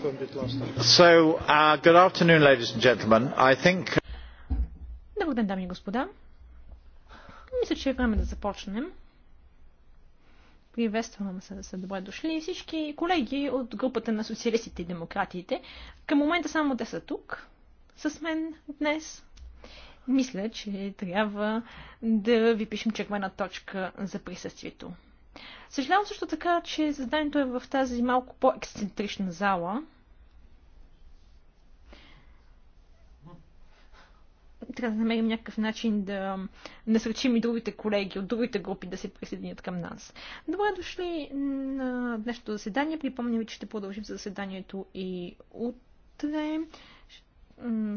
Uh, uh, Добър ден, дами и господа. Мисля, че е време да започнем. Приветствам се, са добре дошли всички колеги от групата на социалистите и демократите. Към момента само те са тук с мен днес. Мисля, че трябва да ви пишем червена точка за присъствието. Съжалявам също така, че заданието е в тази малко по-ексцентрична зала. Трябва да намерим някакъв начин да насръчим и другите колеги от другите групи да се присъединят към нас. Добре дошли на днешното заседание. Припомням ви, че ще продължим заседанието и утре.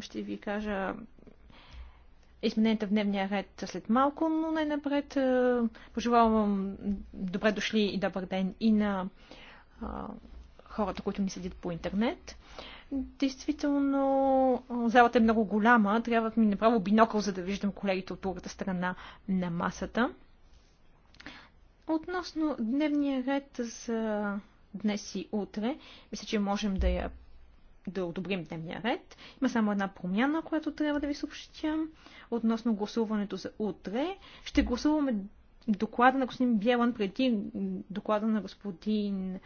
Ще ви кажа измененията в дневния ред след малко, но най-напред е, пожелавам добре дошли и добър ден и на хората, които ни следят по интернет. Действително, залата е много голяма. Трябва да ми направо бинокъл, за да виждам колегите от другата страна на масата. Относно дневния ред за днес и утре, мисля, че можем да я да одобрим дневния ред. Има само една промяна, която трябва да ви съобщя относно гласуването за утре. Ще гласуваме доклада на господин Бялан преди доклада на господин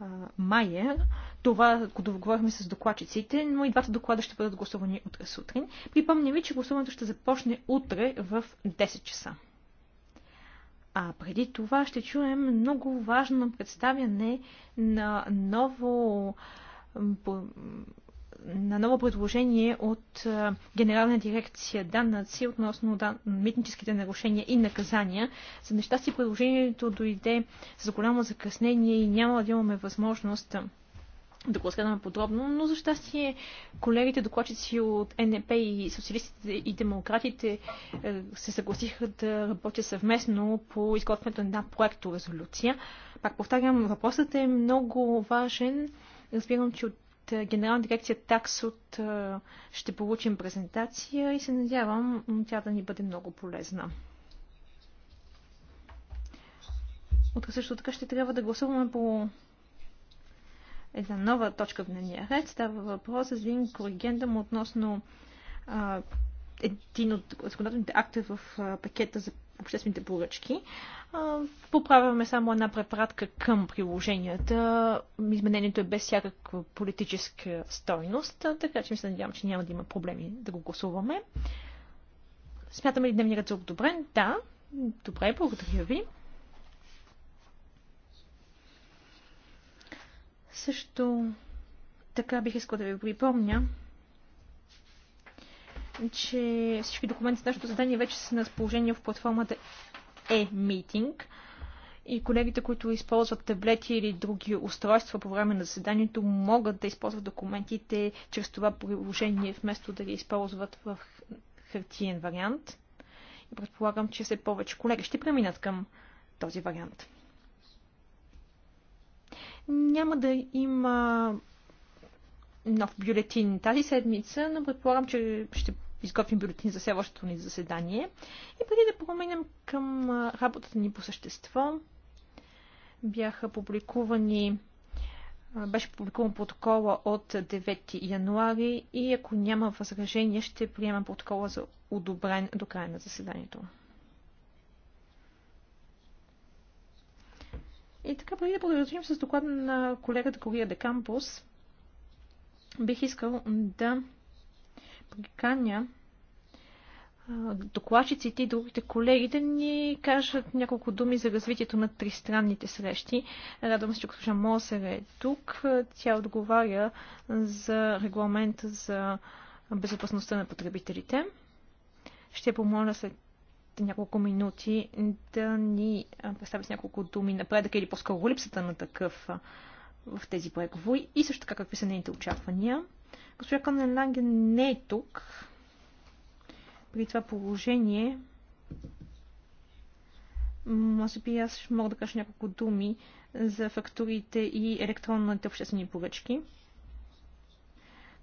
а, Майер. Това когато договорихме с докладчиците, но и двата доклада ще бъдат гласувани утре сутрин. Припомня ви, че гласуването ще започне утре в 10 часа. А преди това ще чуем много важно представяне на ново на ново предложение от Генерална дирекция данъци относно дан... митническите нарушения и наказания. За нещастие предложението дойде с голямо закъснение и няма да имаме възможност да го разгледаме подробно, но за щастие колегите докладчици от НП и социалистите и демократите се съгласиха да работят съвместно по изготвянето на една проекторезолюция. Пак повтарям, въпросът е много важен Разбирам, че от е, Генерална дирекция Таксот е, ще получим презентация и се надявам тя да ни бъде много полезна. От също така ще трябва да гласуваме по една нова точка в дневния ред. Става въпрос за един коригендъм относно а, един от законодателните актове в а, пакета за обществените поръчки. Поправяме само една препратка към приложенията. Изменението е без всякаква политическа стойност, така че ми се надявам, че няма да има проблеми да го гласуваме. Смятаме ли дневния ред за одобрен? Да. Добре, благодаря ви. Също така бих искал да ви припомня, че всички документи с нашето задание вече са на разположение в платформата e-meeting и колегите, които използват таблети или други устройства по време на заседанието, могат да използват документите чрез това приложение, вместо да ги използват в хартиен вариант. И предполагам, че все повече колеги ще преминат към този вариант. Няма да има нов бюлетин тази седмица, но предполагам, че ще изготвим бюлетин за следващото ни заседание. И преди да променям към работата ни по същество, бяха публикувани беше публикуван протокола от 9 януари и ако няма възражение, ще приемам протокола за одобрен до края на заседанието. И така, преди да продължим с доклада на колегата Кория Декампус, бих искал да приканя докладчиците и другите колеги да ни кажат няколко думи за развитието на тристранните срещи. Радвам се, че госпожа Мосер е тук. Тя отговаря за регламента за безопасността на потребителите. Ще помоля след няколко минути да ни представи с няколко думи напредъка или по-скоро липсата на такъв в тези преговори и също така какви са нейните очаквания. Госпожа Канен Ланген не е тук. При това положение, може би аз ще мога да кажа няколко думи за фактурите и електронните обществени поръчки.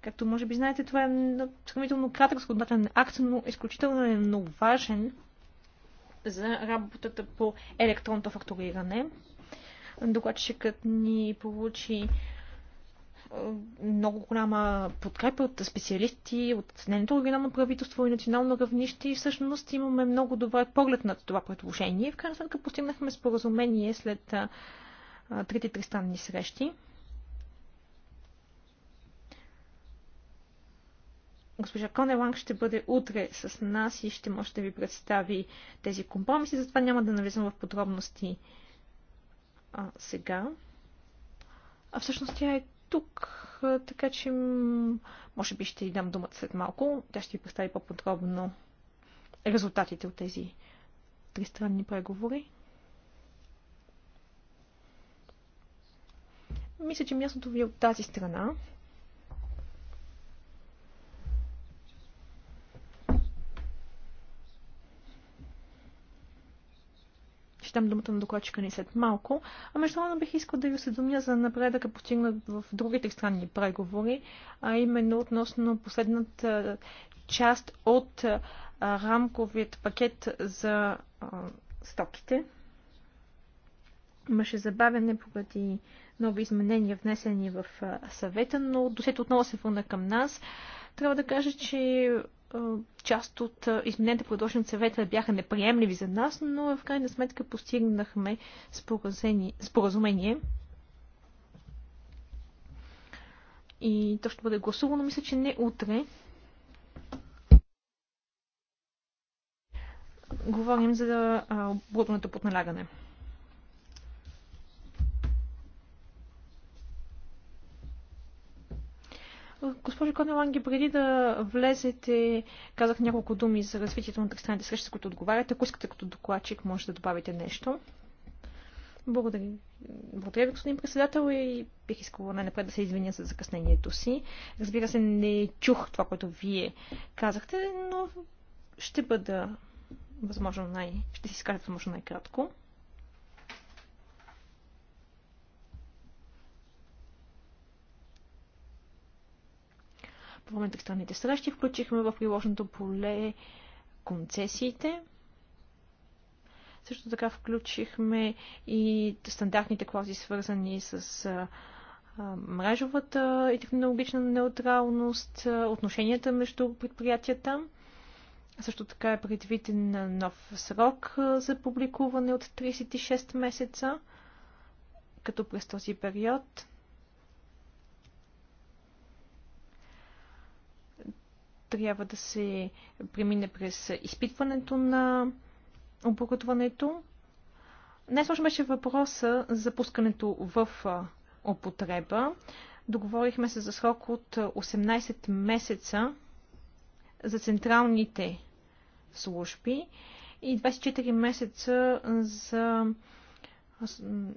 Както може би знаете, това е сравнително кратък законодателен акт, но изключително е много важен за работата по електронното фактуриране. Докладчикът ни получи много голяма подкрепа от специалисти, от нейното оригинално правителство и национално равнище и всъщност имаме много добър поглед на това предложение. В крайна сметка постигнахме споразумение след трите тристанни срещи. Госпожа Конеланг ще бъде утре с нас и ще може да ви представи тези компромиси, затова няма да навлизам в подробности а, сега. А всъщност тя е тук, така че може би ще ви дам думата след малко. Тя ще ви представи по-подробно резултатите от тези тристранни преговори. Мисля, че мястото ви е от тази страна. дам думата на докладчика ни след малко, а международно бих искал да ви осведомя за напредъка постигнат в другите странни преговори, а именно относно последната част от рамковият пакет за стоките. Имаше забавяне поради нови изменения, внесени в съвета, но досет отново се върна към нас. Трябва да кажа, че част от измененията, предложени от съвета, бяха неприемливи за нас, но в крайна сметка постигнахме споразумение. И то ще бъде гласувано, мисля, че не утре. Говорим за оборудването подналягане. налягане. Госпожо Конеланги, преди да влезете, казах няколко думи за развитието на тристранните срещи, които отговаряте. Ако искате като докладчик, може да добавите нещо. Благодаря. Благодаря ви, господин председател, и бих искала най-напред да се извиня за закъснението си. Разбира се, не чух това, което вие казахте, но ще бъда възможно най... ще си изкажа възможно най-кратко. по време на тристранните срещи. Включихме в приложното поле концесиите. Също така включихме и стандартните клаузи, свързани с а, мрежовата и технологична неутралност, отношенията между предприятията. Също така е предвиден нов срок за публикуване от 36 месеца, като през този период трябва да се премине през изпитването на оборудването. Най-сложно беше въпроса за пускането в употреба. Договорихме се за срок от 18 месеца за централните служби и 24 месеца за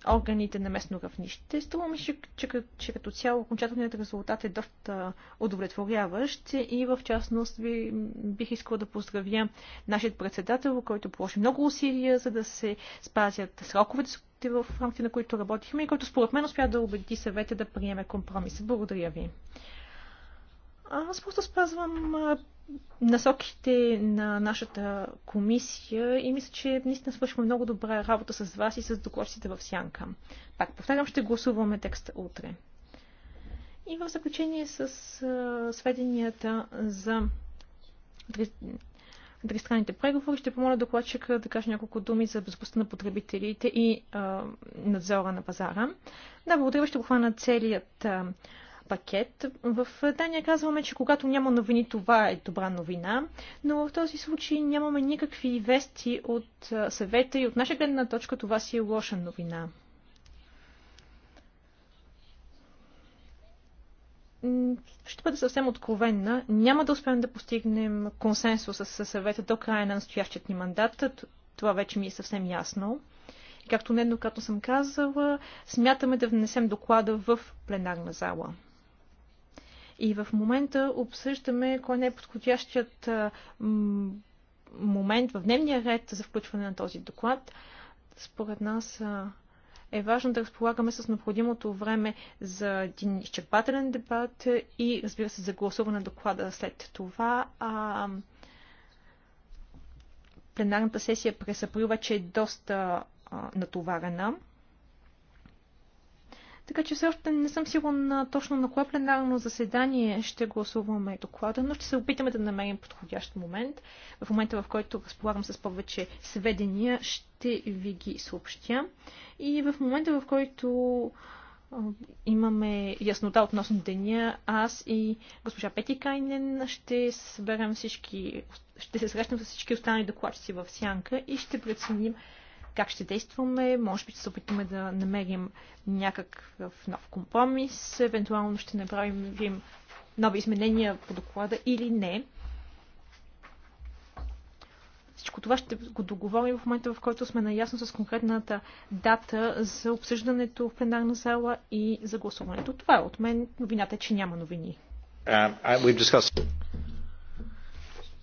органите на местно равнище. Струва ми, че, че, че като цяло окончателният резултат е доста удовлетворяващ и в частност ви, бих искала да поздравя нашият председател, който положи много усилия, за да се спазят сроковете, в рамките на които работихме и който според мен успя да убеди съвета да приеме компромис. Благодаря ви. Аз просто спазвам насоките на нашата комисия и мисля, че наистина свършваме много добра работа с вас и с докладчиците в Сянка. Пак повтарям, ще гласуваме текста утре. И в заключение с а, сведенията за тристранните преговори, ще помоля докладчика да каже няколко думи за безопасността на потребителите и а, надзора на пазара. Да, благодаря, ще похвана целият а, пакет. В Дания казваме, че когато няма новини, това е добра новина, но в този случай нямаме никакви вести от съвета и от наша гледна точка това си е лоша новина. ще бъда съвсем откровенна, няма да успеем да постигнем консенсус с съвета до края на настоящият ни мандат. Това вече ми е съвсем ясно. И както неднократно съм казала, смятаме да внесем доклада в пленарна зала. И в момента обсъждаме кой не е подходящият момент в дневния ред за включване на този доклад. Според нас е важно да разполагаме с необходимото време за един изчерпателен дебат и, разбира се, за гласуване на доклада след това. А, пленарната сесия през април вече е доста а, натоварена. Така че все още не съм сигурна точно на кое пленарно заседание ще гласуваме доклада, но ще се опитаме да намерим подходящ момент. В момента, в който разполагам с повече сведения, ще ви ги съобщя. И в момента, в който имаме яснота относно деня, аз и госпожа Пети Кайнен ще съберем всички, ще се срещнем с всички останали докладчици в сянка и ще преценим как ще действаме. Може би ще се опитаме да намерим някакъв нов компромис. Евентуално ще направим нови изменения по доклада или не. Всичко това ще го договорим в момента, в който сме наясно с конкретната дата за обсъждането в пленарна зала и за гласуването. Това е от мен. Новината е, че няма новини. Um,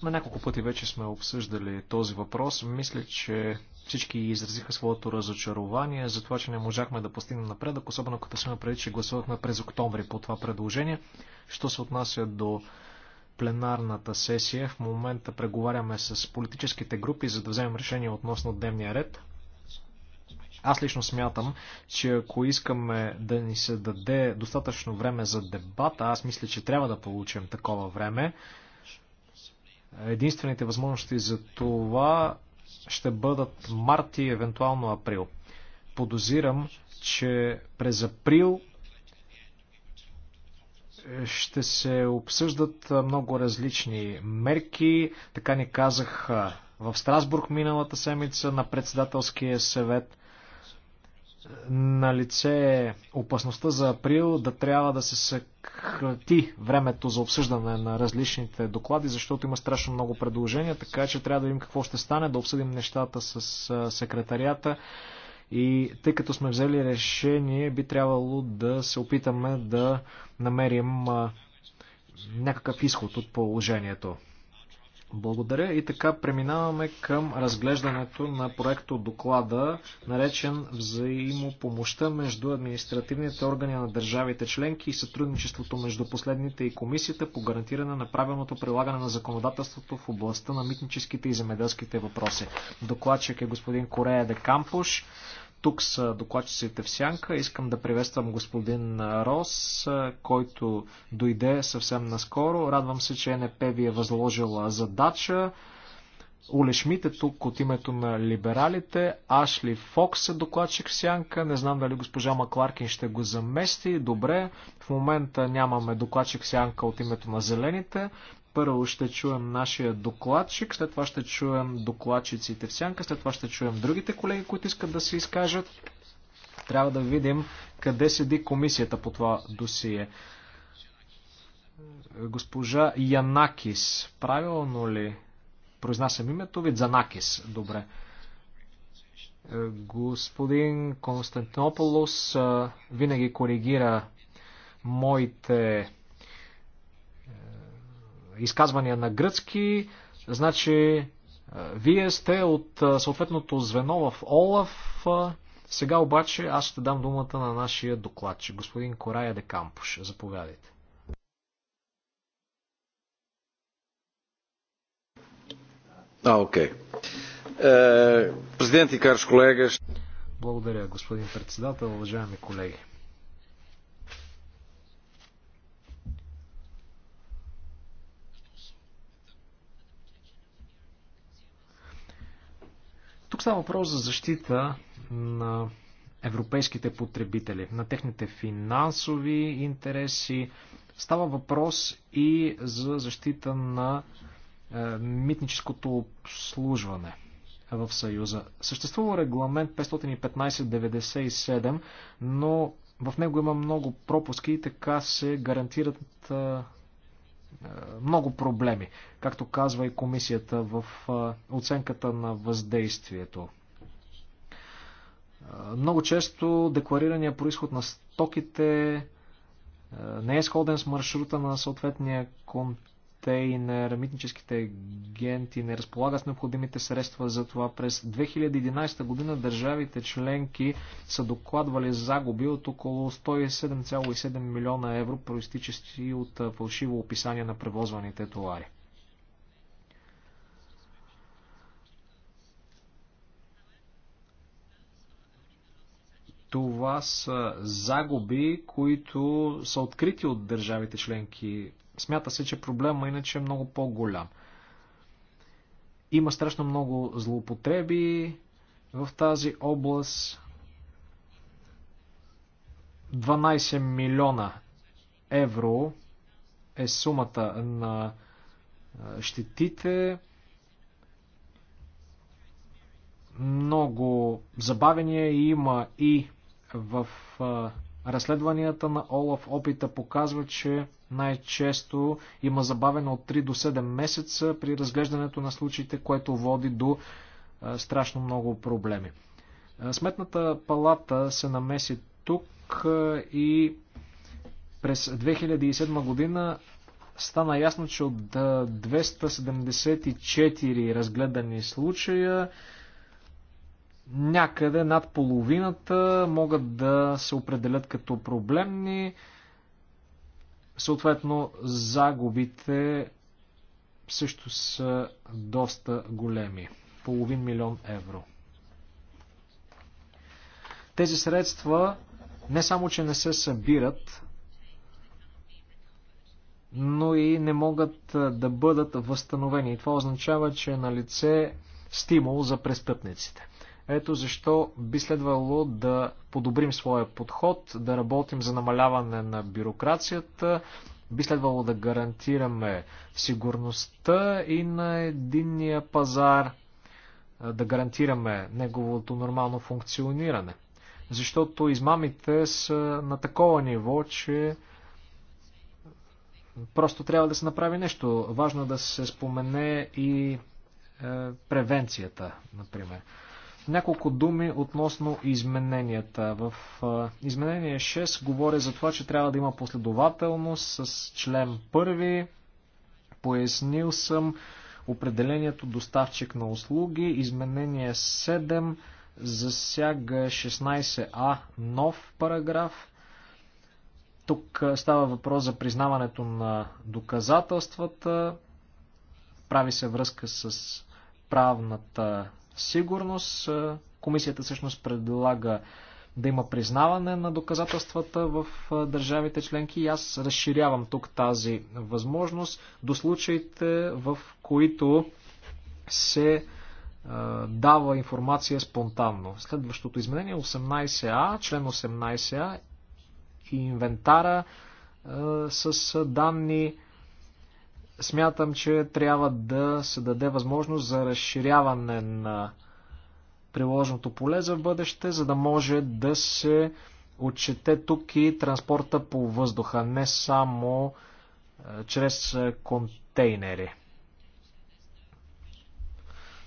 На няколко пъти вече сме обсъждали този въпрос. Мисля, че всички изразиха своето разочарование за това, че не можахме да постигнем напредък, особено като сме преди, че гласувахме през октомври по това предложение. Що се отнася до пленарната сесия, в момента преговаряме с политическите групи, за да вземем решение относно дневния ред. Аз лично смятам, че ако искаме да ни се даде достатъчно време за дебата, аз мисля, че трябва да получим такова време, единствените възможности за това ще бъдат март и евентуално април. Подозирам, че през април е, ще се обсъждат е, много различни мерки. Така ни казах е, в Страсбург миналата седмица на председателския съвет на лице опасността за април да трябва да се съкрати времето за обсъждане на различните доклади, защото има страшно много предложения, така че трябва да видим какво ще стане, да обсъдим нещата с секретарията и тъй като сме взели решение, би трябвало да се опитаме да намерим някакъв изход от положението. Благодаря и така преминаваме към разглеждането на проекто доклада, наречен взаимопомощта между административните органи на държавите членки и сътрудничеството между последните и комисията по гарантиране на правилното прилагане на законодателството в областта на митническите и земеделските въпроси. Докладчик е господин Корея де Кампуш. Тук са докладчиците в сянка. Искам да приветствам господин Рос, който дойде съвсем наскоро. Радвам се, че НП ви е възложила задача. Оле Шмидт е тук от името на либералите, Ашли Фокс е докладчик в сянка, не знам дали госпожа Макларкин ще го замести, добре, в момента нямаме докладчик в сянка от името на зелените, първо ще чуем нашия докладчик, след това ще чуем докладчиците в сянка, след това ще чуем другите колеги, които искат да се изкажат. Трябва да видим къде седи комисията по това досие. Госпожа Янакис, правилно ли произнасям името ви? Занакис, добре. Господин Константинополос винаги коригира моите изказвания на гръцки, значи вие сте от съответното звено в ОЛАФ. Сега обаче аз ще дам думата на нашия докладчик, господин Корая де Кампуш. Заповядайте. А, окей. Е, президент и карш колега. Благодаря, господин председател, уважаеми колеги. Тук става въпрос за защита на европейските потребители, на техните финансови интереси. Става въпрос и за защита на е, митническото обслужване в Съюза. Съществува регламент 515-97, но в него има много пропуски и така се гарантират е, е, много проблеми, както казва и комисията в е, оценката на въздействието. Е, много често декларирания происход на стоките не е сходен с маршрута на съответния континент агентите и на ремитническите агенти не разполагат с необходимите средства за това. През 2011 година държавите членки са докладвали загуби от около 107,7 милиона евро, проистичащи от фалшиво описание на превозваните товари. това са загуби, които са открити от държавите членки Смята се, че проблема иначе е много по-голям. Има страшно много злоупотреби в тази област. 12 милиона евро е сумата на щетите. Много забавения има и в разследванията на Олаф. Опита показва, че най-често има забавено от 3 до 7 месеца при разглеждането на случаите, което води до страшно много проблеми. Сметната палата се намеси тук и през 2007 година стана ясно, че от 274 разгледани случая някъде над половината могат да се определят като проблемни. Съответно, загубите също са доста големи. Половин милион евро. Тези средства не само, че не се събират, но и не могат да бъдат възстановени. Това означава, че е на лице стимул за престъпниците. Ето защо би следвало да подобрим своя подход, да работим за намаляване на бюрокрацията, би следвало да гарантираме сигурността и на единния пазар, да гарантираме неговото нормално функциониране. Защото измамите са на такова ниво, че просто трябва да се направи нещо. Важно да се спомене и е, превенцията, например. Няколко думи относно измененията. В изменение 6 говоря за това, че трябва да има последователност с член 1. Пояснил съм определението доставчик на услуги. Изменение 7 засяга 16а нов параграф. Тук става въпрос за признаването на доказателствата. Прави се връзка с правната сигурност. Е, комисията всъщност предлага да има признаване на доказателствата в е, държавите членки и аз разширявам тук тази възможност до случаите, в които се е, дава информация спонтанно. Следващото изменение 18а, член 18а и инвентара с данни смятам, че трябва да се даде възможност за разширяване на приложното поле за бъдеще, за да може да се отчете тук и транспорта по въздуха, не само е, чрез е, контейнери.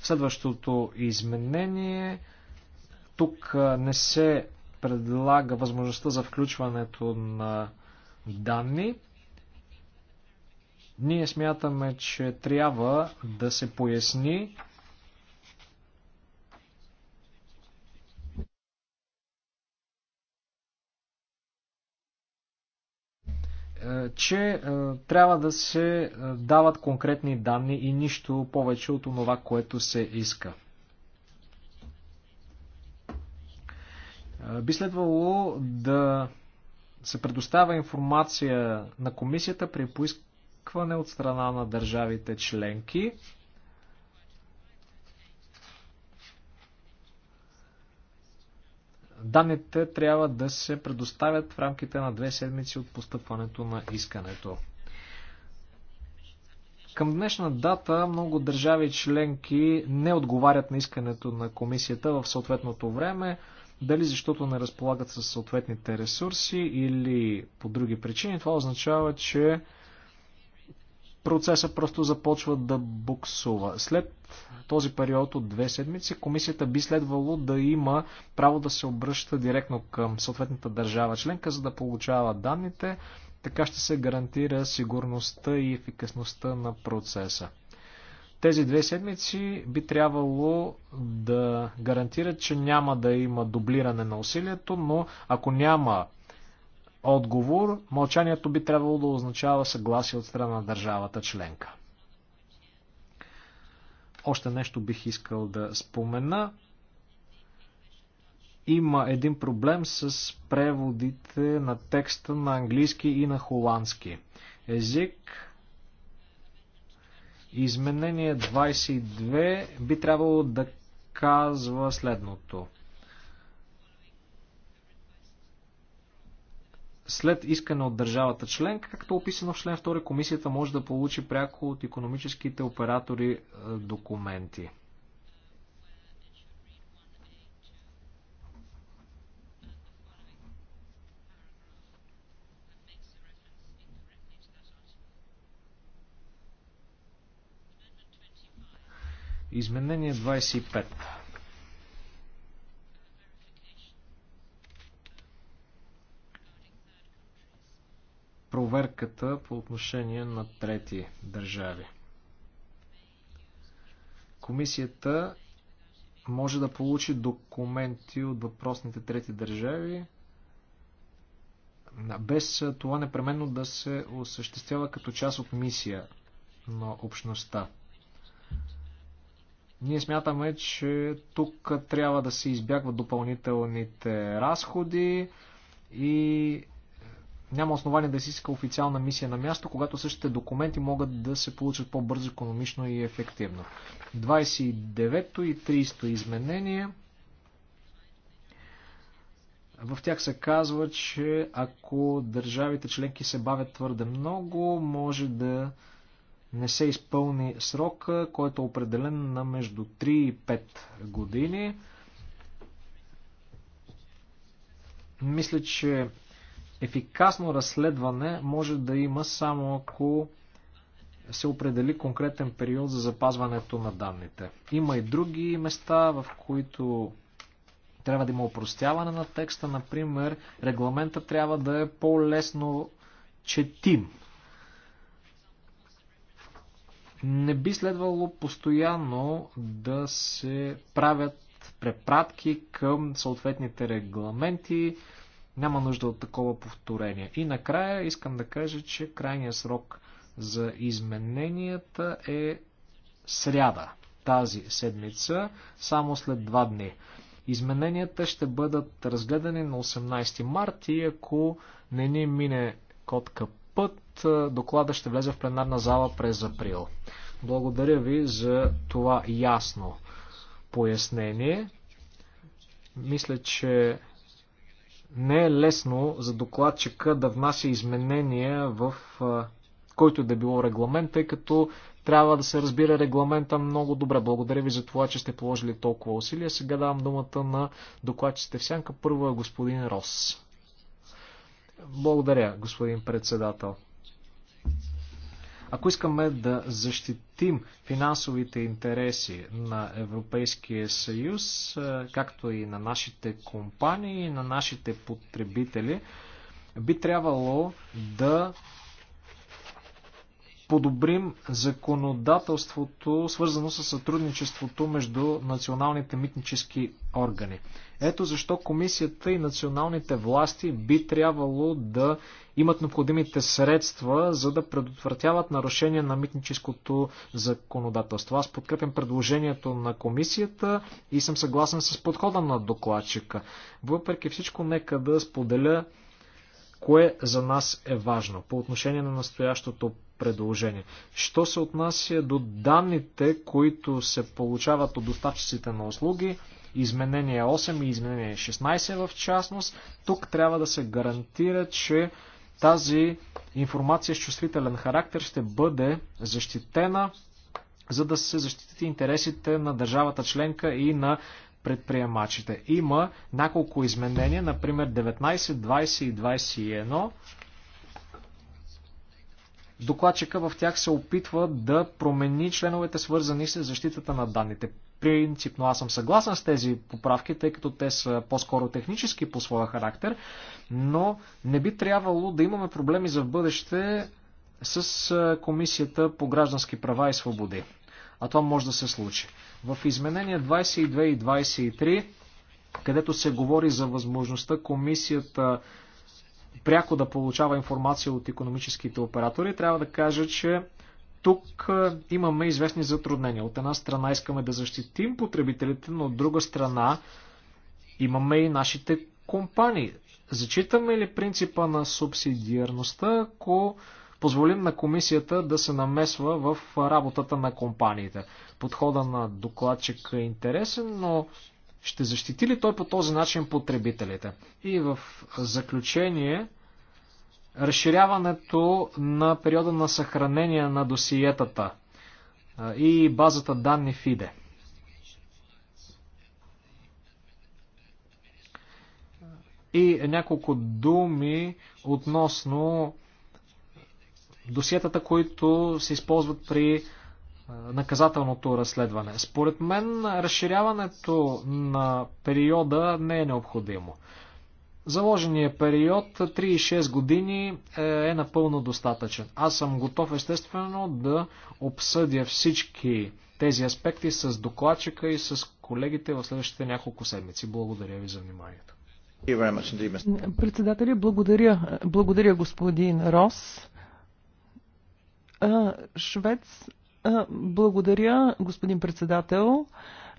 Следващото изменение. Тук е, не се предлага възможността за включването на данни. Ние смятаме, че трябва да се поясни е, че е, трябва да се е, дават конкретни данни и нищо повече от това, което се иска. би следвало да се предоставя информация на комисията при поиск изискване от страна на държавите членки. Данните трябва да се предоставят в рамките на две седмици от постъпването на искането. Към днешна дата много държави членки не отговарят на искането на комисията в съответното време, дали защото не разполагат с съответните ресурси или по други причини. Това означава, че процесът просто започва да буксува. След този период от две седмици комисията би следвало да има право да се обръща директно към съответната държава членка, за да получава данните. Така ще се гарантира сигурността и ефикасността на процеса. Тези две седмици би трябвало да гарантират, че няма да има дублиране на усилието, но ако няма отговор, мълчанието би трябвало да означава съгласие от страна на държавата членка. Още нещо бих искал да спомена. Има един проблем с преводите на текста на английски и на холандски език. Изменение 22 би трябвало да казва следното. след искане от държавата член, както е описано в член 2, комисията може да получи пряко от економическите оператори е, документи. Изменение 25. проверката по отношение на трети държави. Комисията може да получи документи от въпросните трети държави, без това непременно да се осъществява като част от мисия на общността. Ние смятаме, че тук трябва да се избягват допълнителните разходи и няма основание да си иска официална мисия на място, когато същите документи могат да се получат по-бързо, економично и ефективно. 29 и 30 изменение. В тях се казва, че ако държавите членки се бавят твърде много, може да не се изпълни срок, който е определен на между 3 и 5 години. Мисля, че Ефикасно разследване може да има само ако се определи конкретен период за запазването на данните. Има и други места, в които трябва да има упростяване на текста. Например, регламента трябва да е по-лесно четим. Не би следвало постоянно да се правят препратки към съответните регламенти, няма нужда от такова повторение. И накрая искам да кажа, че крайният срок за измененията е сряда тази седмица, само след два дни. Измененията ще бъдат разгледани на 18 март и ако не ни мине котка път, доклада ще влезе в пленарна зала през април. Благодаря ви за това ясно пояснение. Мисля, че не е лесно за докладчика да внася изменения в който да е било регламент, тъй като трябва да се разбира регламента много добре. Благодаря ви за това, че сте положили толкова усилия. Сега давам думата на докладчите в сянка. Първо е господин Рос. Благодаря, господин председател. Ако искаме да защитим финансовите интереси на Европейския съюз, е, както и на нашите компании, и на нашите потребители, би трябвало да подобрим законодателството, свързано с сътрудничеството между националните митнически органи. Ето защо комисията и националните власти би трябвало да имат необходимите средства, за да предотвратяват нарушение на митническото законодателство. Аз подкрепям предложението на комисията и съм съгласен с подхода на докладчика. Въпреки всичко, нека да споделя кое за нас е важно по отношение на настоящото предложение. Що се отнася до данните, които се получават от доставчиците на услуги, изменение 8 и изменение 16 в частност, тук трябва да се гарантира, че тази информация с чувствителен характер ще бъде защитена, за да се защитите интересите на държавата членка и на предприемачите. Има няколко изменения, например 19, 20 и 21 Докладчика в тях се опитва да промени членовете свързани с защитата на данните. Принципно аз съм съгласен с тези поправки, тъй като те са по-скоро технически по своя характер, но не би трябвало да имаме проблеми за в бъдеще с Комисията по граждански права и свободи. А това може да се случи. В изменения 22 и 23, където се говори за възможността Комисията пряко да получава информация от економическите оператори, трябва да кажа, че тук имаме известни затруднения. От една страна искаме да защитим потребителите, но от друга страна имаме и нашите компании. Зачитаме ли принципа на субсидиарността, ако позволим на комисията да се намесва в работата на компаниите? Подхода на докладчика е интересен, но ще защити ли той по този начин потребителите? И в заключение разширяването на периода на съхранение на досиетата и базата данни FIDE. И няколко думи относно досиетата, които се използват при наказателното разследване. Според мен разширяването на периода не е необходимо. Заложения период 36 години е, е напълно достатъчен. Аз съм готов естествено да обсъдя всички тези аспекти с докладчика и с колегите в следващите няколко седмици. Благодаря ви за вниманието. Председателя, благодаря. Благодаря господин Рос. Швец, благодаря господин председател.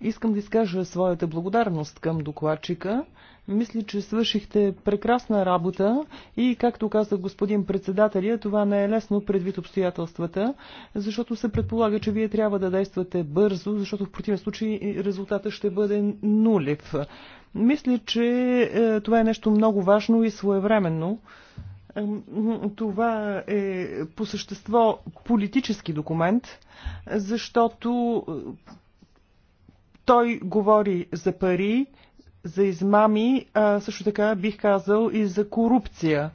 Искам да изкажа своята благодарност към докладчика. Мисля, че свършихте прекрасна работа и, както каза господин председателя, това не е лесно предвид обстоятелствата, защото се предполага, че вие трябва да действате бързо, защото в противен случай резултата ще бъде нулев. Мисля, че е, това е нещо много важно и своевременно. Това е по същество политически документ, защото е, той говори за пари, за измами, а също така бих казал и за корупция.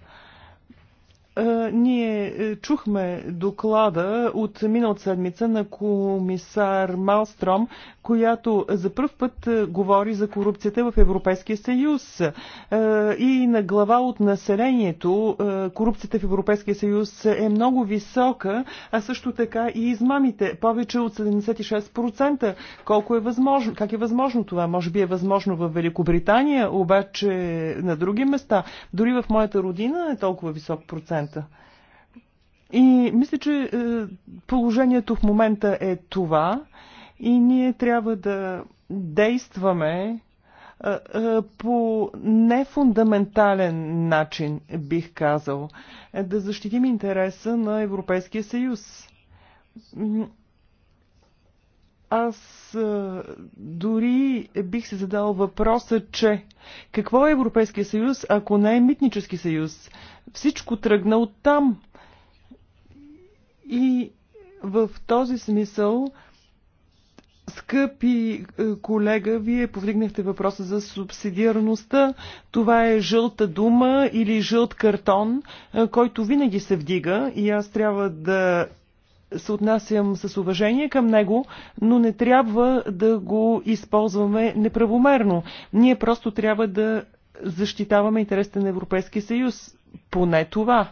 Е, ние е, чухме доклада от миналата седмица на комисар Малстром, която за първ път е, говори за корупцията в Европейския съюз. И на глава от населението корупцията в Европейския съюз е много висока, а също така и измамите. Повече от 76%. Колко е възможно? Как е възможно това? Може би е възможно в Великобритания, обаче на други места. Дори в моята родина е толкова висок процент момента. И мисля, че е, положението в момента е това и ние трябва да действаме е, е, по нефундаментален начин, бих казал, да защитим интереса на Европейския съюз. Аз дори бих се задал въпроса, че какво е Европейския съюз, ако не е митнически съюз? Всичко тръгна от там. И в този смисъл, скъпи колега, вие повдигнахте въпроса за субсидиарността. Това е жълта дума или жълт картон, който винаги се вдига и аз трябва да се отнасям с уважение към него, но не трябва да го използваме неправомерно. Ние просто трябва да защитаваме интересите на Европейския съюз. Поне това.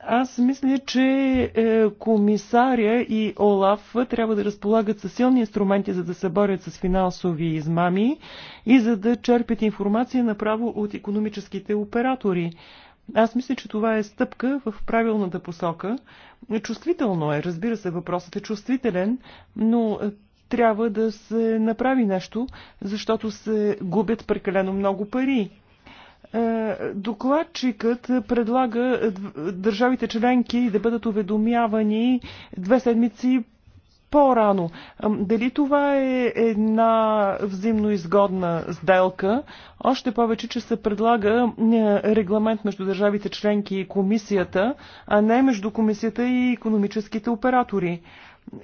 Аз мисля, че е, комисаря и Олаф трябва да разполагат със силни инструменти, за да се борят с финансови измами и за да черпят информация направо от економическите оператори. Аз мисля, че това е стъпка в правилната посока. Чувствително е, разбира се, въпросът е чувствителен, но е, трябва да се направи нещо, защото се губят прекалено много пари. Е, докладчикът предлага държавите членки да бъдат уведомявани две седмици по-рано. Дали това е една взаимно изгодна сделка? Още повече, че се предлага регламент между държавите членки и комисията, а не между комисията и економическите оператори.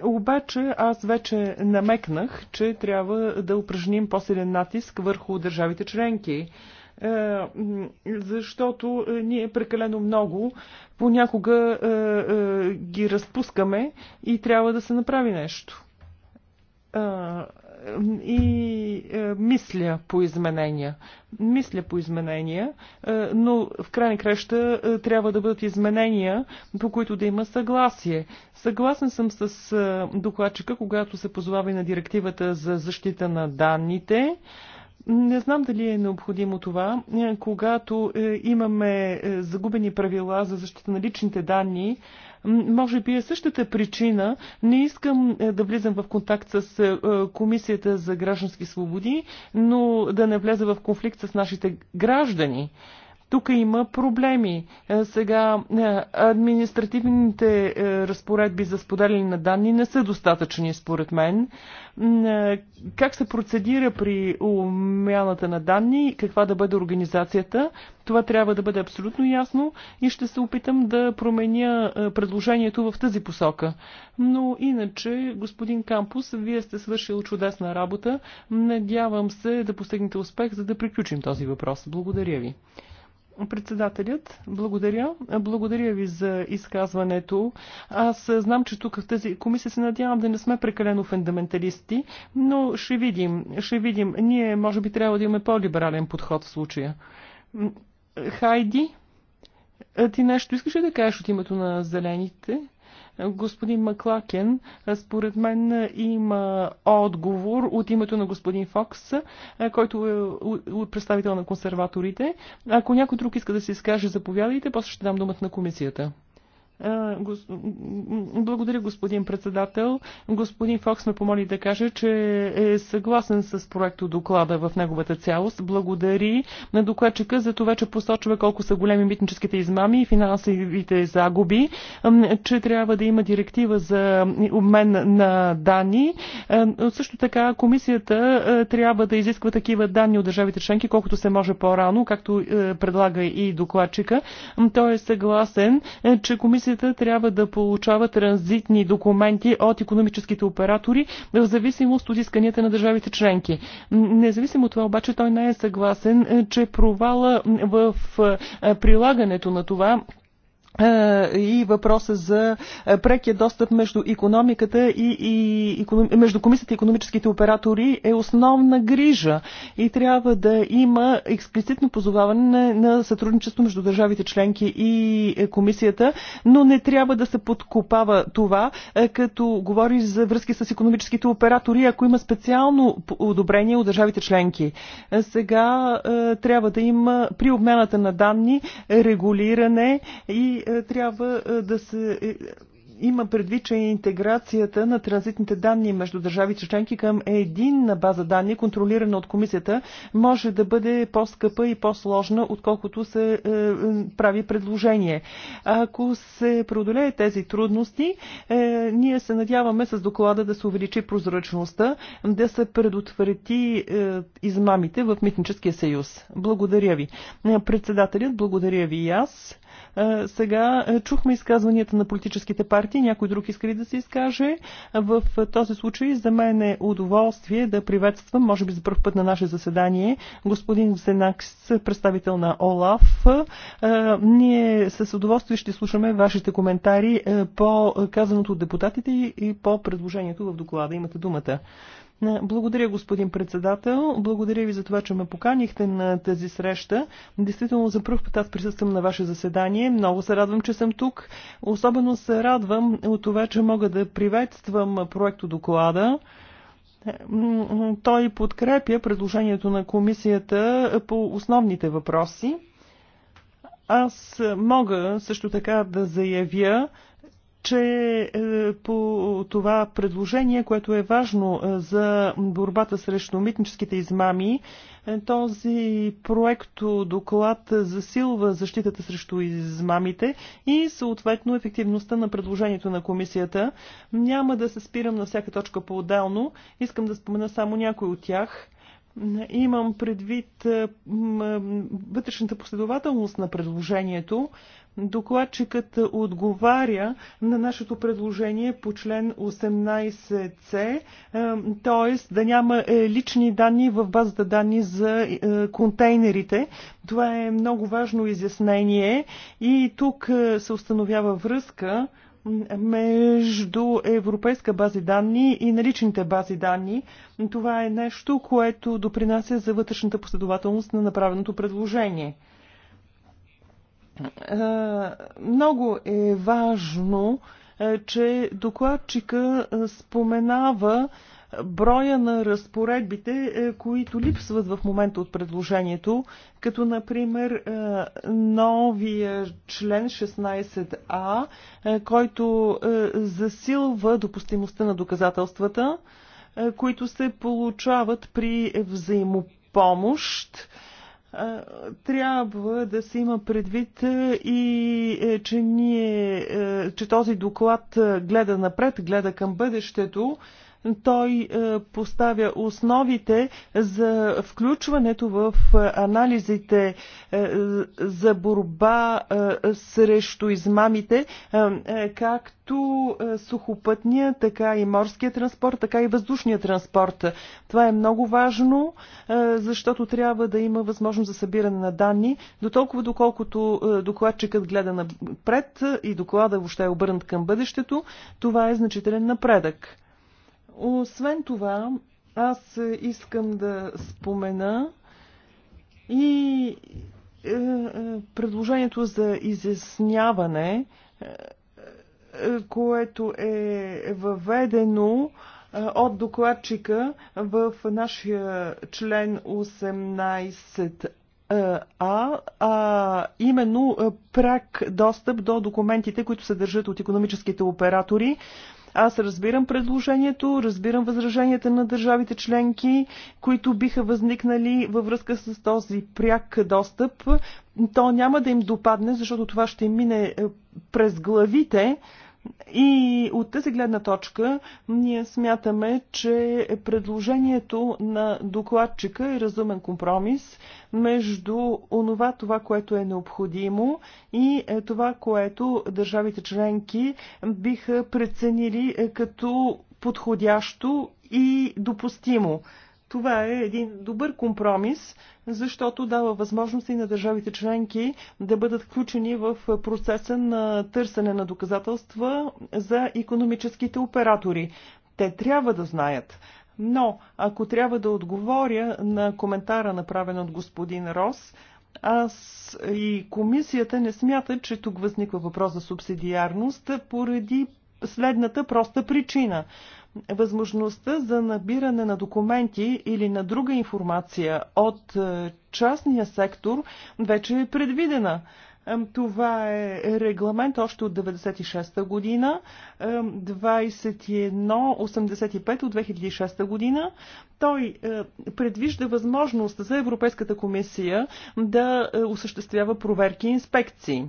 Обаче аз вече намекнах, че трябва да упражним по-силен натиск върху държавите членки. Е, защото е, ние прекалено много понякога е, ги разпускаме и трябва да се направи нещо. И мисля по изменения. Мисля по изменения, но в крайна краща трябва да бъдат изменения, по които да има съгласие. Съгласен съм с докладчика, когато се позовава и на директивата за защита на данните. Не знам дали е необходимо това, е, когато е, имаме е, загубени правила за защита на личните данни. Може би е същата причина. Не искам да влизам в контакт с Комисията за граждански свободи, но да не влеза в конфликт с нашите граждани. Тук има проблеми. Е, сега е, административните е, разпоредби за споделяне на данни не са достатъчни според мен. Как се процедира при умяната на данни, каква да бъде организацията, това трябва да бъде абсолютно ясно и ще се опитам да променя предложението в тази посока. Но иначе, господин Кампус, вие сте свършил чудесна работа. Надявам се да постигнете успех, за да приключим този въпрос. Благодаря ви. Председателят, благодаря. Благодаря ви за изказването. Аз знам, че тук в тази комисия се надявам да не сме прекалено фундаменталисти, но ще видим. Ще видим. Ние, може би, трябва да имаме по-либерален подход в случая. Хайди, ти нещо искаш ли да кажеш от името на зелените? господин Маклакен, според мен има отговор от името на господин Фокс, който е представител на консерваторите. Ако някой друг иска да се изкаже, заповядайте, после ще дам думата на комисията. Е, благодаря, господин председател. Господин Фокс ме помоли да каже, че е съгласен с проекто доклада в неговата цялост. Благодари на докладчика за това, че посочва колко са големи митническите измами и финансовите загуби, че трябва да има директива за обмен на данни. Е, също така комисията е, трябва да изисква такива данни от държавите членки, колкото се може по-рано, както предлага и докладчика. Той е съгласен, че комисията комисията трябва да получава транзитни документи от економическите оператори в зависимост от исканията на държавите членки. Независимо от това обаче той не е съгласен, е, че провала в е, прилагането на това е, и въпроса за е, прекия достъп между економиката и, и между комисията и економическите оператори е основна грижа и трябва да има експлицитно позоваване на сътрудничество между държавите членки и е, комисията, но не трябва да се подкопава това, като говори за връзки с економическите оператори, ако има специално одобрение от държавите членки. Сега трябва да има при обмената на данни регулиране и е, трябва е, да се е, има предвид, че интеграцията на транзитните данни между държавите членки към на база данни, контролирана от комисията, може да бъде по-скъпа и по-сложна, отколкото се е, прави предложение. Ако се преодолее тези трудности, е, ние се надяваме с доклада да се увеличи прозрачността, да се предотврати е, измамите в Митническия съюз. Благодаря ви. Председателят, благодаря ви и аз. Е, сега е, чухме изказванията на политическите партии, някой друг иска ли да се изкаже. В този случай за мен е удоволствие да приветствам, може би за първ път на наше заседание, господин Зенакс, представител на ОЛАФ. Е, ние с удоволствие ще слушаме вашите коментари по казаното от депутатите и по предложението в доклада. Имате думата. Благодаря, господин председател. Благодаря ви за това, че ме поканихте на тази среща. Действително, за първ път аз присъствам на ваше заседание. Много се радвам, че съм тук. Особено се радвам от това, че мога да приветствам проекто доклада. Той подкрепя предложението на комисията по основните въпроси. Аз мога също така да заявя, че е, по това предложение, което е важно е, за борбата срещу митническите измами, е, този проект доклад засилва защитата срещу измамите и съответно ефективността на предложението на комисията. Няма да се спирам на всяка точка по-отделно. Искам да спомена само някой от тях – Имам предвид е, е, вътрешната последователност на предложението. Докладчикът отговаря на нашето предложение по член 18c, е, т.е. да няма лични данни в базата данни за контейнерите. Това е много важно изяснение и тук се установява връзка между европейска бази данни и наличните бази данни. Това е нещо, което допринася за вътрешната последователност на направеното предложение. Е, много е важно, е, че докладчика споменава броя на разпоредбите, е, които липсват в момента от предложението, като например е, новия член 16а, е, който засилва допустимостта на доказателствата, които се получават при взаимопомощ трябва да се има предвид и че, ние, че този доклад гледа напред, гледа към бъдещето. Той е, поставя основите за включването в анализите е, за борба е, срещу измамите, както сухопътния, така и морския транспорт, така и въздушния транспорт. Това е много важно, защото трябва да има възможност за събиране на данни, до толкова доколкото докладчикът гледа напред и доклада въобще е обърнат към бъдещето, това е значителен напредък. Освен това, аз искам да спомена и е, е, предложението за изясняване, е, което е въведено от докладчика в нашия член 18 а, а именно прак достъп до документите, които се държат от економическите оператори. Аз разбирам предложението, разбирам възраженията на държавите членки, които биха възникнали във връзка с този пряк достъп. То няма да им допадне, защото това ще мине е, през главите и от тази гледна точка ние смятаме, че предложението на докладчика е разумен компромис между онова, това, което е необходимо и е, това, което държавите членки биха преценили е, като подходящо и допустимо. Това е един добър компромис, защото дава възможности на държавите членки да бъдат включени в процеса на търсене на доказателства за економическите оператори. Те трябва да знаят. Но, ако трябва да отговоря на коментара, направен от господин Рос, аз и комисията не смята, че тук възниква въпрос за субсидиарност поради следната проста причина – възможността за набиране на документи или на друга информация от е, частния сектор вече е предвидена. Е, това е регламент още от 96-та година, 2185 е, от 2006 година. Той предвижда възможност за Европейската комисия да осъществява проверки и инспекции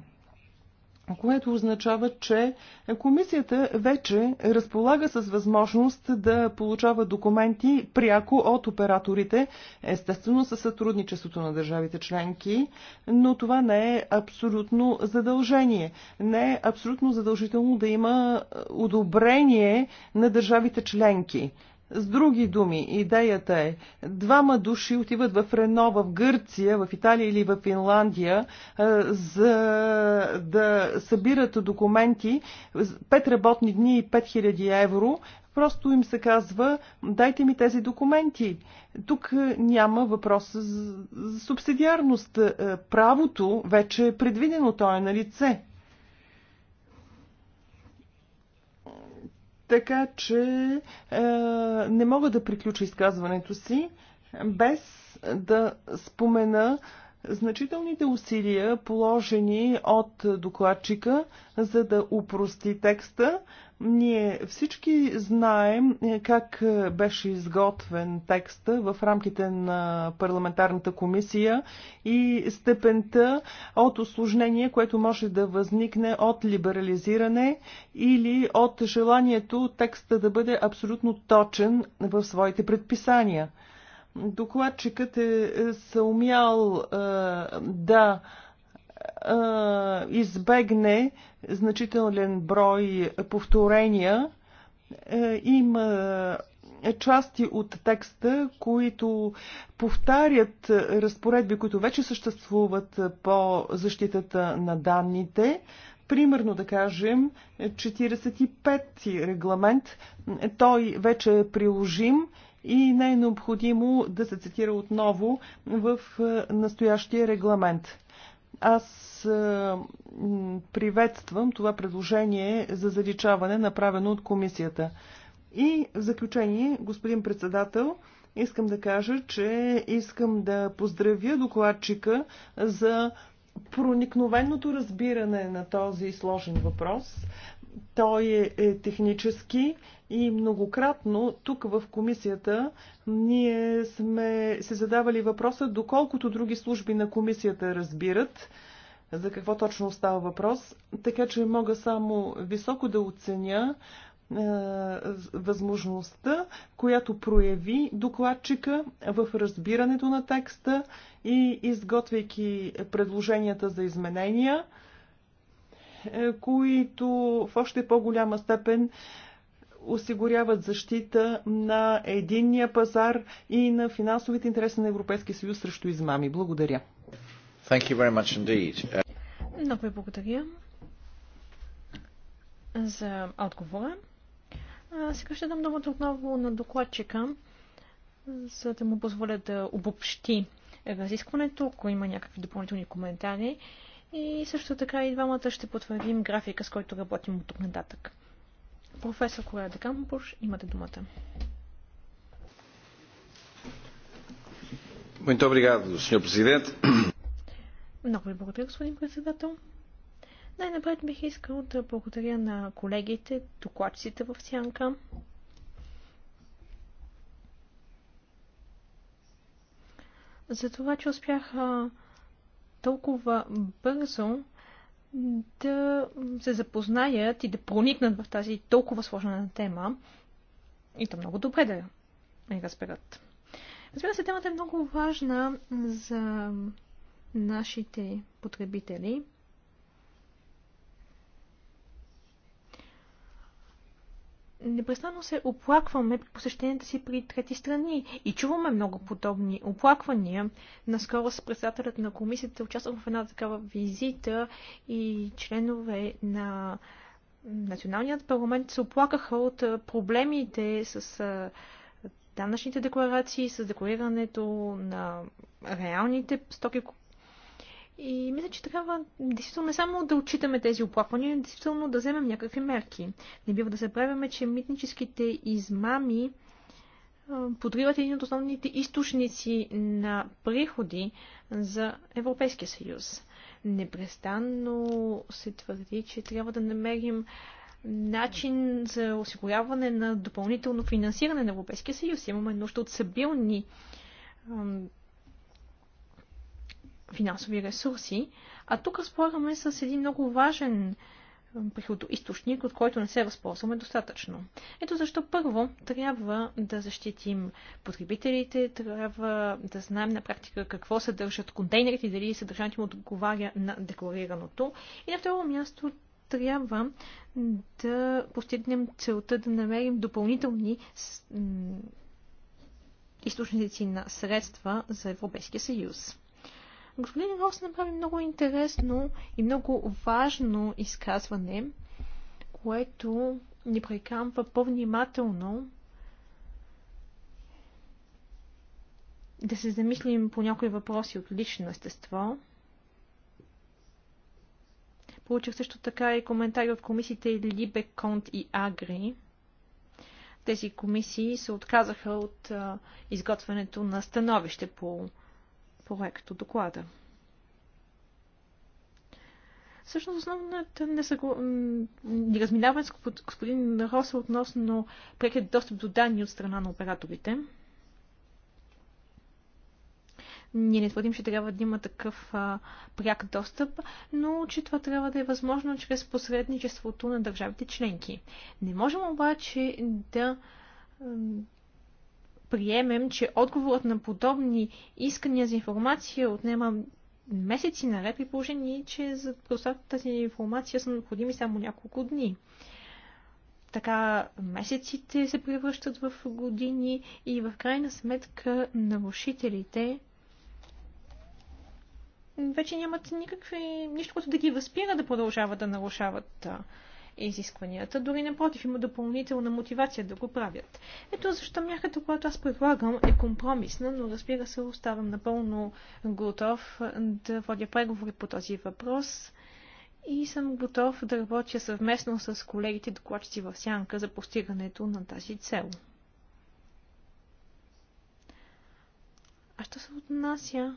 което означава, че комисията вече разполага с възможност да получава документи пряко от операторите, естествено със сътрудничеството на държавите членки, но това не е абсолютно задължение. Не е абсолютно задължително да има одобрение на държавите членки. С други думи, идеята е, двама души отиват в Рено, в Гърция, в Италия или в Финландия, за да събират документи, пет работни дни и 5000 евро, Просто им се казва, дайте ми тези документи. Тук няма въпрос за субсидиарност. Правото вече е предвидено, то е на лице. Така че е, не мога да приключа изказването си без да спомена Значителните усилия, положени от докладчика, за да упрости текста, ние всички знаем е, как е, беше изготвен текста в рамките на парламентарната комисия и степента от осложнение, което може да възникне от либерализиране или от желанието текста да бъде абсолютно точен в своите предписания докладчикът е, е съумял е, да е, избегне значителен брой повторения. Има части от текста, които повтарят разпоредби, които вече съществуват по защитата на данните. Примерно да кажем 45 ти регламент, той вече е приложим и не е необходимо да се цитира отново в е, настоящия регламент. Аз е, приветствам това предложение за заличаване, направено от комисията. И в заключение, господин председател, искам да кажа, че искам да поздравя докладчика за проникновеното разбиране на този сложен въпрос. Той е, е технически и многократно тук в комисията ние сме се задавали въпроса доколкото други служби на комисията разбират за какво точно става въпрос, така че мога само високо да оценя е, възможността, която прояви докладчика в разбирането на текста и изготвяйки предложенията за изменения. Е, които в още по-голяма степен осигуряват защита на единния пазар и на финансовите интереси на Европейския съюз срещу измами. Благодаря. Thank you very much indeed. Много ви благодаря за отговора. сега ще дам думата отново на докладчика, за да му позволя да обобщи разискването, ако има някакви допълнителни коментари. И също така и двамата ще потвърдим графика, с който работим от тук нататък. Професор Коля де имате думата. Muito obrigado, Sr. Presidente. Много ви благодаря, господин председател. Най-напред бих искал да благодаря на колегите, докладчиците в Сянка. За това, че успяха толкова бързо да се запознаят и да проникнат в тази толкова сложна тема и то много добре да я разберат. Разбира се, темата е много важна за нашите потребители. непрестанно се оплакваме при посещенията си при трети страни и чуваме много подобни оплаквания. Наскоро с председателят на комисията участвах в една такава визита и членове на националният парламент се оплакаха от проблемите с данъчните декларации, с декларирането на реалните стоки, и мисля, че трябва действително не само да отчитаме тези оплаквания, но действително да вземем някакви мерки. Не бива да се правяме, че митническите измами подриват един от основните източници на приходи за Европейския съюз. Непрестанно се твърди, че трябва да намерим начин за осигуряване на допълнително финансиране на Европейския съюз. Имаме нужда от събилни финансови ресурси, а тук разполагаме с един много важен приходоисточник, от който не се възползваме достатъчно. Ето защо първо трябва да защитим потребителите, трябва да знаем на практика какво съдържат контейнерите и дали съдържанието им отговаря на декларираното. И на второ място трябва да постигнем целта да намерим допълнителни източници на средства за Европейския съюз. Господин Рос направи много интересно и много важно изказване, което ни прекамва по-внимателно да се замислим по някои въпроси от лично естество. Получих също така и коментари от комисиите Либе, Конт и Агри. Тези комисии се отказаха от а, изготвянето на становище по от доклада. Всъщност основната ни разминава с господин Роса относно прекият достъп до данни от страна на операторите. Ние не твърдим, че трябва да има такъв а, пряк достъп, но че това трябва да е възможно чрез посредничеството на държавите членки. Не можем обаче да приемем, че отговорът на подобни искания за информация отнема месеци наред, при положение, че за доставката тази информация са необходими само няколко дни. Така месеците се превръщат в години и в крайна сметка нарушителите вече нямат никакви, нищо, което да ги възпира да продължават да нарушават изискванията. Дори напротив, има допълнителна мотивация да го правят. Ето защо мярката, която аз предлагам, е компромисна, но разбира се, оставам напълно готов да водя преговори по този въпрос и съм готов да работя съвместно с колегите докладчици в сянка за постигането на тази цел. А що се отнася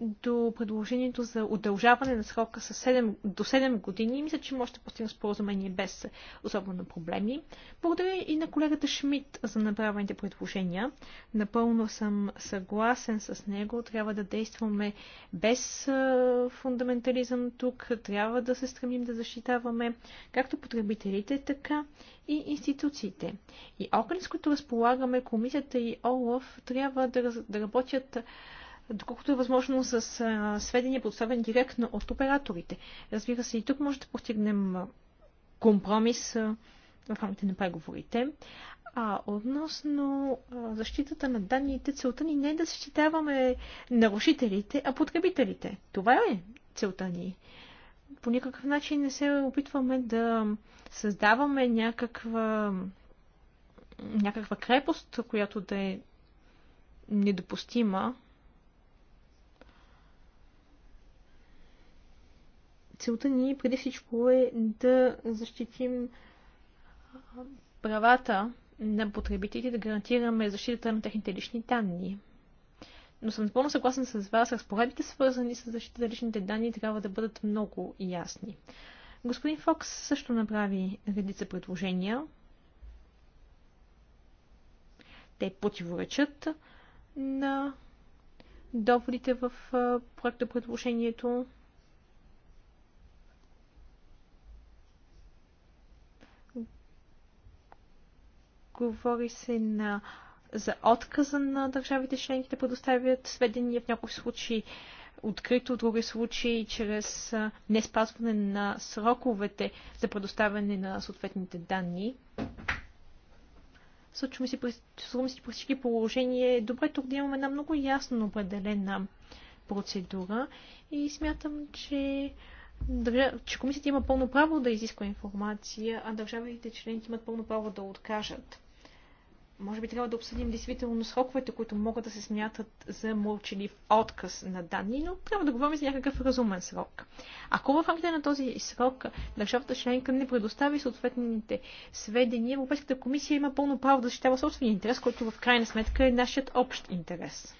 до предложението за удължаване на срока с 7, до 7 години, мисля, че може да постигне споразумение без особено проблеми. Благодаря и на колегата Шмидт за направените предложения. Напълно съм съгласен с него. Трябва да действаме без фундаментализъм тук. Трябва да се стремим да защитаваме както потребителите, така и институциите. И органи, с които разполагаме, комисията и ОЛАФ трябва да, да работят доколкото е възможно с а, сведения, подставени директно от операторите. Разбира се, и тук може да постигнем компромис а, в рамките на преговорите. А относно а, защитата на данните, целта ни не е да защитаваме нарушителите, а потребителите. Това е целта ни. По никакъв начин не се опитваме да създаваме някаква, някаква крепост, която да е недопустима целта ни преди всичко е да защитим правата на потребителите, да гарантираме защитата на техните лични данни. Но съм напълно съгласен с вас, разпоредите свързани с защита на личните данни трябва да бъдат много ясни. Господин Фокс също направи редица предложения. Те противоречат на доводите в проекта предложението. говори се на, за отказа на държавите членки да предоставят сведения в някои случаи открито, в други случаи чрез не спазване на сроковете за предоставяне на съответните данни. Случваме си, случваме си при всички положения. Е добре, тук да имаме една много ясно определена процедура и смятам, че че комисията има пълно право да изисква информация, а държавите членки имат пълно право да откажат. Може би трябва да обсъдим действително сроковете, които могат да се смятат за мълчалив отказ на данни, но трябва да говорим за някакъв разумен срок. Ако в рамките на този срок държавата членка не предостави съответните сведения, Европейската комисия има пълно право да защитава собствения интерес, който в крайна сметка е нашият общ интерес.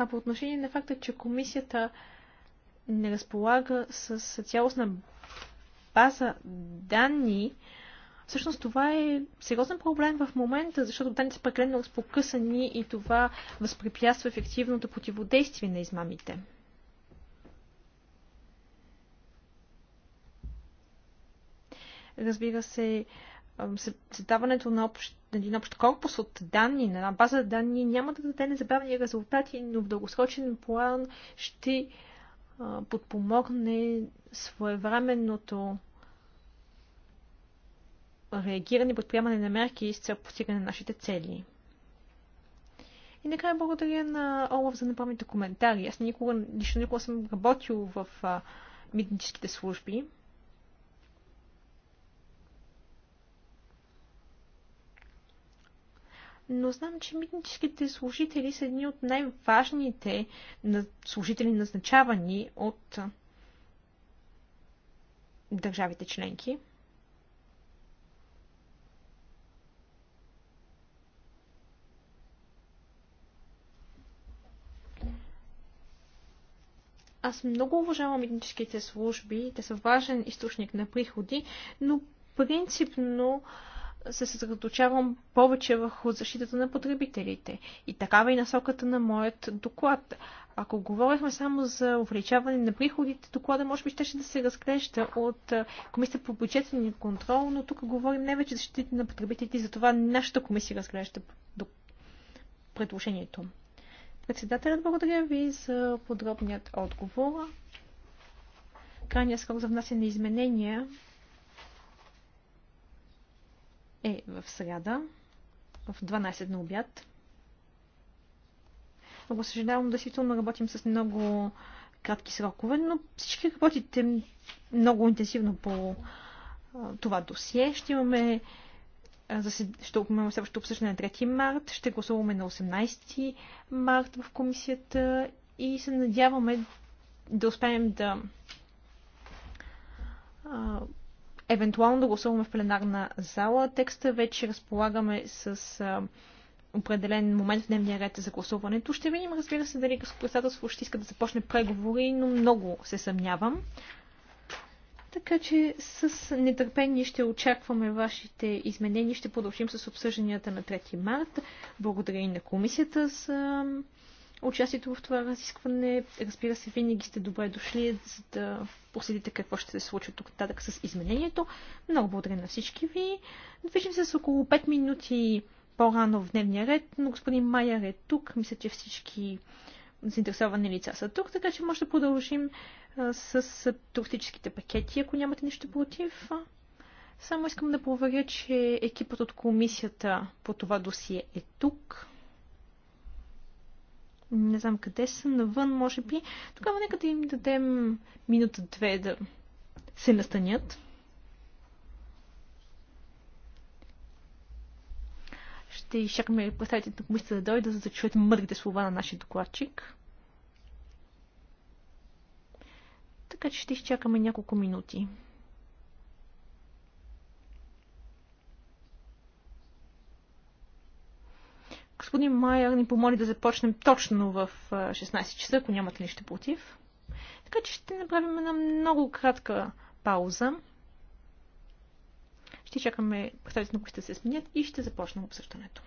А по отношение на факта, че комисията не разполага с цялостна база данни, всъщност това е сериозен проблем в момента, защото данните са прекалено разпокъсани и това възпрепятства ефективното противодействие на измамите. Разбира се, създаването на, общ, един общ корпус от данни, на една база данни няма да даде незабавни резултати, но в дългосрочен план ще подпомогне своевременното реагиране и подприемане на мерки с цел постигане на нашите цели. И накрая благодаря на Олаф за направените коментари. Аз никога, лично никога съм работил в митническите служби. но знам, че митническите служители са едни от най-важните служители, назначавани от държавите членки. Аз много уважавам митническите служби, те са важен източник на приходи, но принципно се съсредоточавам повече върху защитата на потребителите. И такава е насоката на моят доклад. Ако говорихме само за увеличаване на приходите, доклада може би щеше да се разглежда от Комисията по бюджетен контрол, но тук говорим не вече за защитите на потребителите и затова нашата комисия разглежда предложението. Председателят, благодаря ви за подробният отговор. Крайният срок за внасяне на изменения е в среда, в 12 на обяд. Много съжалявам, действително работим с много кратки срокове, но всички работите много интенсивно по това досие. Ще имаме ще имаме следващото обсъждане на 3 март, ще гласуваме на 18 март в комисията и се надяваме да успеем да евентуално да гласуваме в пленарна зала. Текста вече разполагаме с а, определен момент в дневния ред за гласуването. Ще видим, разбира се, дали председателство ще иска да започне преговори, но много се съмнявам. Така че с нетърпение ще очакваме вашите изменения. Ще продължим с обсъжданията на 3 март. Благодаря и на комисията за Участието в това разискване, разбира се, винаги сте добре дошли, за да проследите какво ще се случи тук нататък с изменението. Много благодаря на всички ви. Движим се с около 5 минути по-рано в дневния ред, но господин Майер е тук. Мисля, че всички заинтересовани лица са тук, така че може да продължим а, с туристическите пакети, ако нямате нищо против. Само искам да проверя, че екипът от комисията по това досие е тук не знам къде са, навън, може би. Тогава нека да им дадем минута-две да се настанят. Ще изчакаме представителите на комисията да дойдат, за да чуят мъдрите слова на нашия докладчик. Така че ще изчакаме няколко минути. Господин Майер ни помоли да започнем точно в 16 часа, ако нямате нищо против. Така че ще направим една много кратка пауза. Ще чакаме представителите, които ще се сменят и ще започнем обсъждането.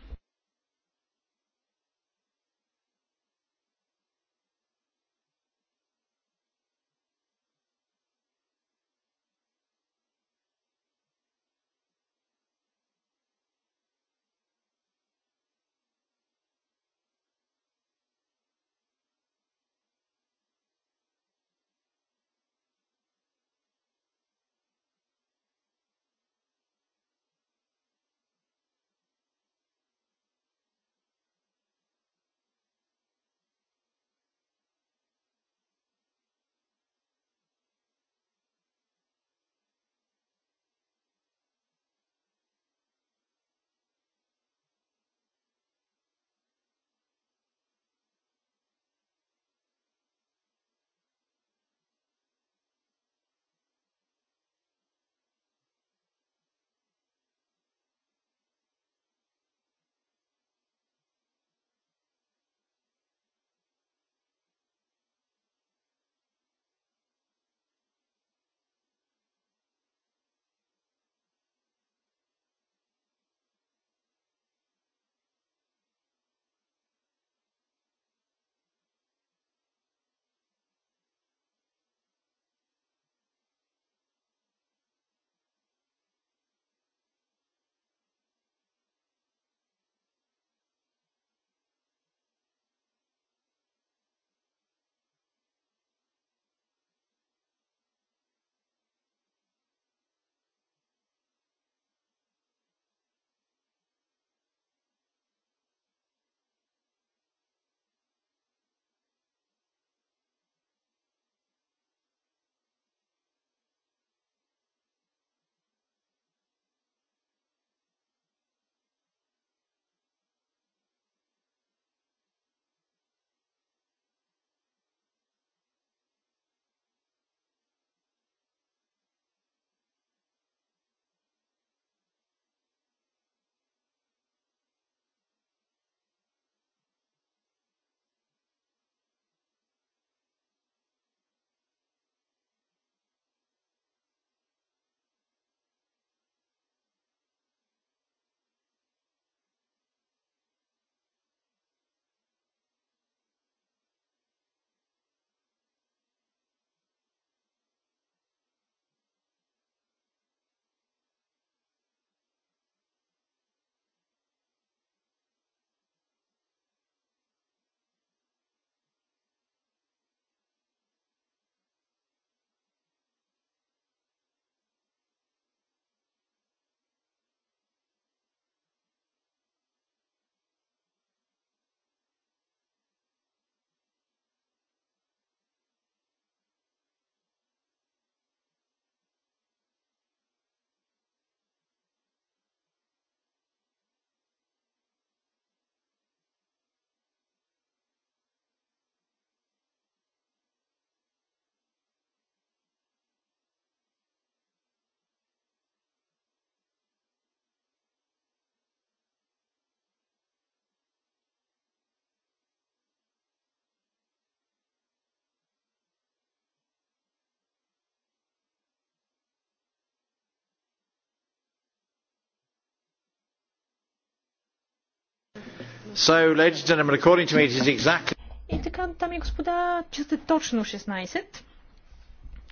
So, ladies and gentlemen, according to me, it is exactly... И така, дами и господа, че сте точно 16.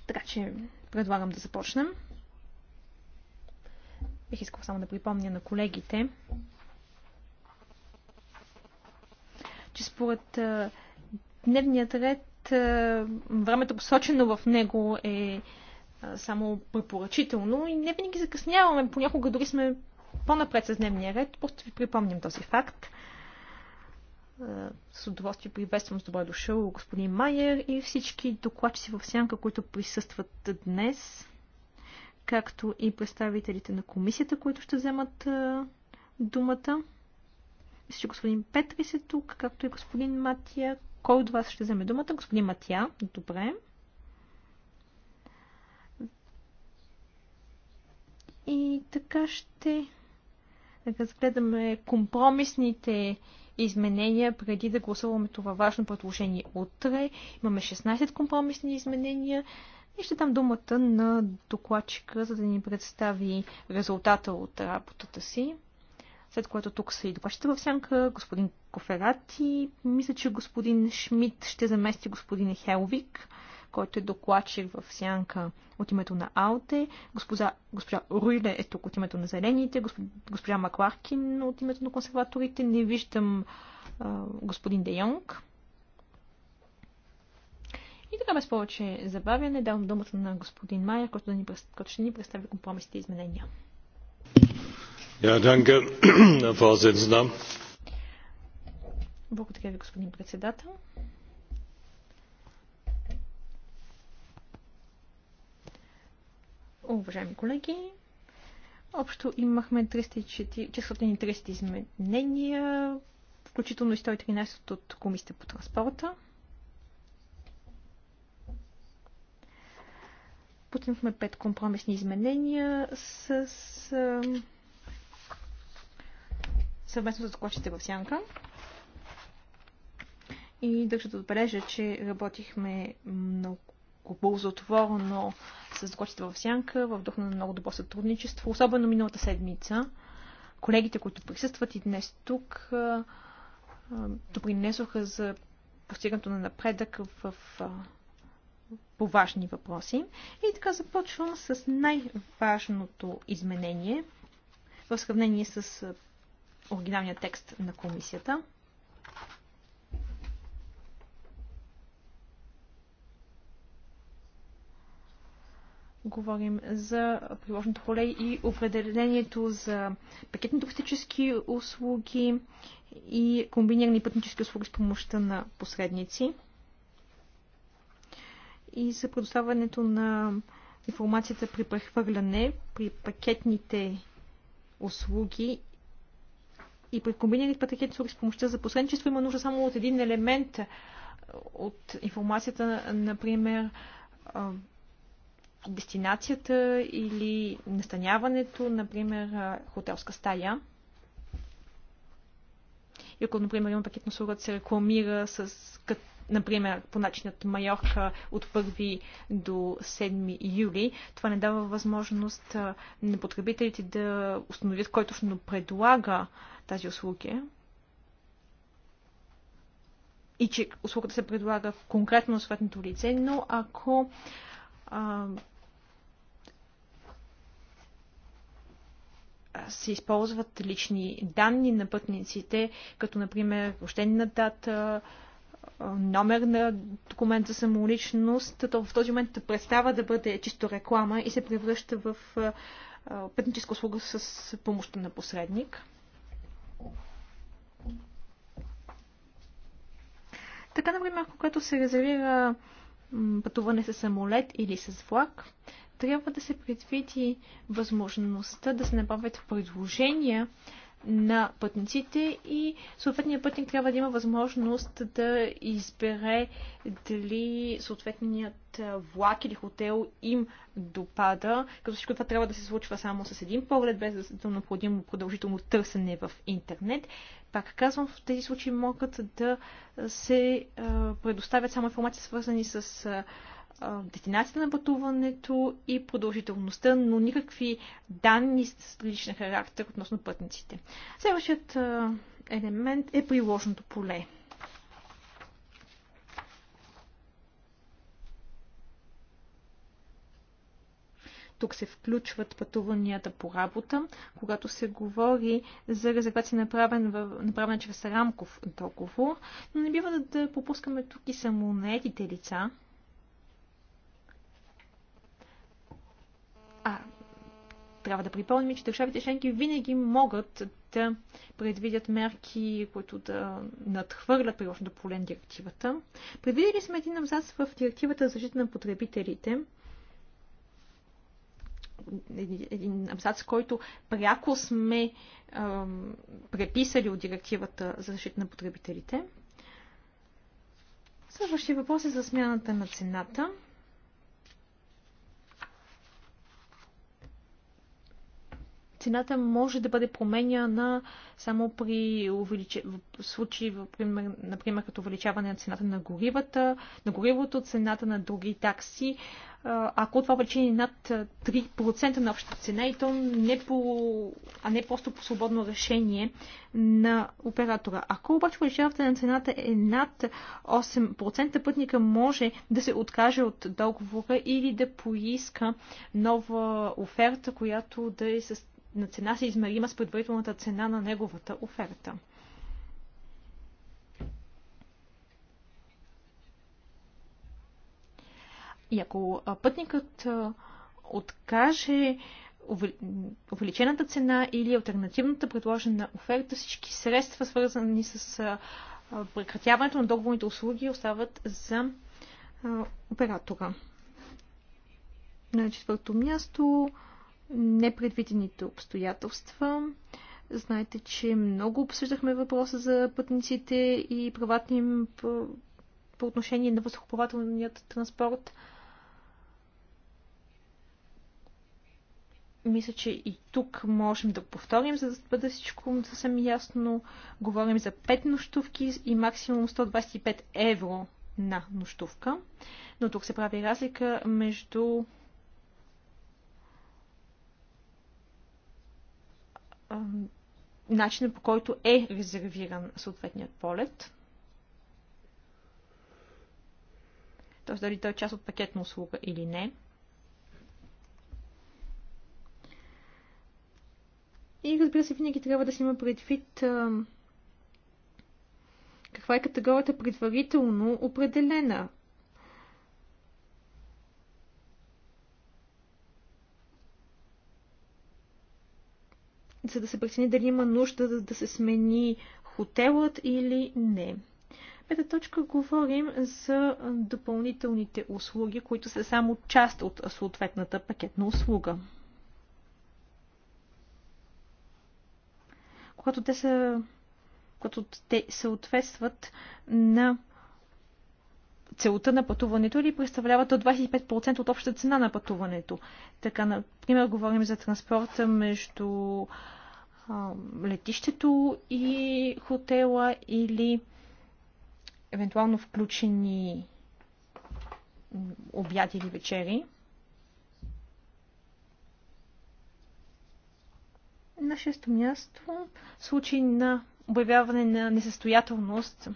Така че предлагам да започнем. Бих искал само да припомня на колегите, че според дневният ред времето посочено в него е само препоръчително и не винаги закъсняваме, понякога дори сме по-напред с дневния ред, просто ви припомням този факт. Е, с удоволствие приветствам с добре дошъл господин Майер и всички докладчици в сянка, които присъстват днес, както и представителите на комисията, които ще вземат е, думата. Мисля, че господин Петрис е тук, както и господин Матия. Кой от вас ще вземе думата? Господин Матия. Добре. И така ще разгледаме компромисните изменения преди да гласуваме това важно предложение утре. Имаме 16 компромисни изменения и ще дам думата на докладчика, за да ни представи резултата от работата си. След което тук са и докладчите в сянка, господин Коферати, мисля, че господин Шмидт ще замести господин Хелвик който е докладчик в сянка от името на Алте, госпожа, госпожа Руиле е тук от името на Зелените, госпожа, госпожа Макларкин от името на консерваторите, не виждам а, господин Де Йонг. И така без повече забавяне давам думата на господин Майер, който, да ни, който ще ни представи компромисите и изменения. Ja, danke, Herr Vorsitzender. Благодаря ви, господин председател. Уважаеми колеги, общо имахме 430 изменения, включително и 113 от комисията по транспорта. Пуснахме 5 компромисни изменения с съвместно с докладчите в сянка. И държа да отбележа, че работихме много много ползотворно с гостите в сянка, в дух на много добро сътрудничество, особено миналата седмица. Колегите, които присъстват и днес тук, допринесоха за постигането на напредък в, в по важни въпроси. И така започвам с най-важното изменение в сравнение с оригиналния текст на комисията – говорим за приложното поле и определението за пакетни туристически услуги и комбинирани пътнически услуги с помощта на посредници и за предоставянето на информацията при прехвърляне, при пакетните услуги и при комбинирани пакетни услуги с помощта за посредничество има нужда само от един елемент от информацията, например, дестинацията или настаняването, например, хотелска стая. И ако, например, има пакетна услуга, се рекламира с, например, по начинът Майорка от 1 до 7 юли, това не дава възможност на потребителите да установят кой точно предлага тази услуги и че услугата се предлага конкретно на съответното лице, но ако а, се използват лични данни на пътниците, като например рождена дата, номер на документ за самоличност, то в този момент представа да бъде чисто реклама и се превръща в пътническа услуга с помощта на посредник. Така, например, когато се резервира пътуване с самолет или с влак, трябва да се предвиди възможността да се направят предложения на пътниците и съответният пътник трябва да има възможност да избере дали съответният влак или хотел им допада, като всичко това трябва да се случва само с един поглед, без да е необходимо продължително търсене в интернет. Пак казвам, в тези случаи могат да се предоставят само информация свързани с дестинацията на пътуването и продължителността, но никакви данни с личен характер относно пътниците. Следващият елемент е приложното поле. Тук се включват пътуванията по работа, когато се говори за резервация направен в, направена чрез рамков договор, но не бива да, да попускаме тук и самонаетите лица, А, трябва да припомним, че държавите членки винаги могат да предвидят мерки, които да надхвърлят приложното поле на директивата. Предвидели сме един абзац в директивата за защита на потребителите, един абзац, който пряко сме ем, преписали от директивата за защита на потребителите. Следващия въпрос е за смяната на цената. цената може да бъде променяна само при увеличе... случаи, например, например, като увеличаване на цената на горивата, на горивото, цената на други такси, ако това причини е над 3% на общата цена и то не по, а не просто по свободно решение на оператора. Ако обаче увеличаването на цената е над 8%, пътника може да се откаже от договора или да поиска нова оферта, която да е с на цена се измерима с предварителната цена на неговата оферта. И ако пътникът откаже увеличената цена или альтернативната предложена оферта, всички средства, свързани с прекратяването на договорните услуги, остават за оператора. На четвърто място непредвидените обстоятелства. Знаете, че много обсъждахме въпроса за пътниците и правата им по, по отношение на въздухоплавателният транспорт. мисля, че и тук можем да повторим, за да бъде всичко съвсем ясно. Говорим за 5 нощувки и максимум 125 евро на нощувка. Но тук се прави разлика между начина по който е резервиран съответният полет. т.е. дали той е част от пакетна услуга или не. И разбира се, винаги трябва да си има предвид каква е категорията предварително определена. за да се прецени дали има нужда да, да се смени хотелът или не. Пета точка говорим за допълнителните услуги, които са само част от съответната пакетна услуга. Когато те, са, когато те съответстват на целта на пътуването или представляват до 25% от общата цена на пътуването. Така, например, говорим за транспорта между летището и хотела или евентуално включени обяди или вечери. На шесто място случай на обявяване на несъстоятелност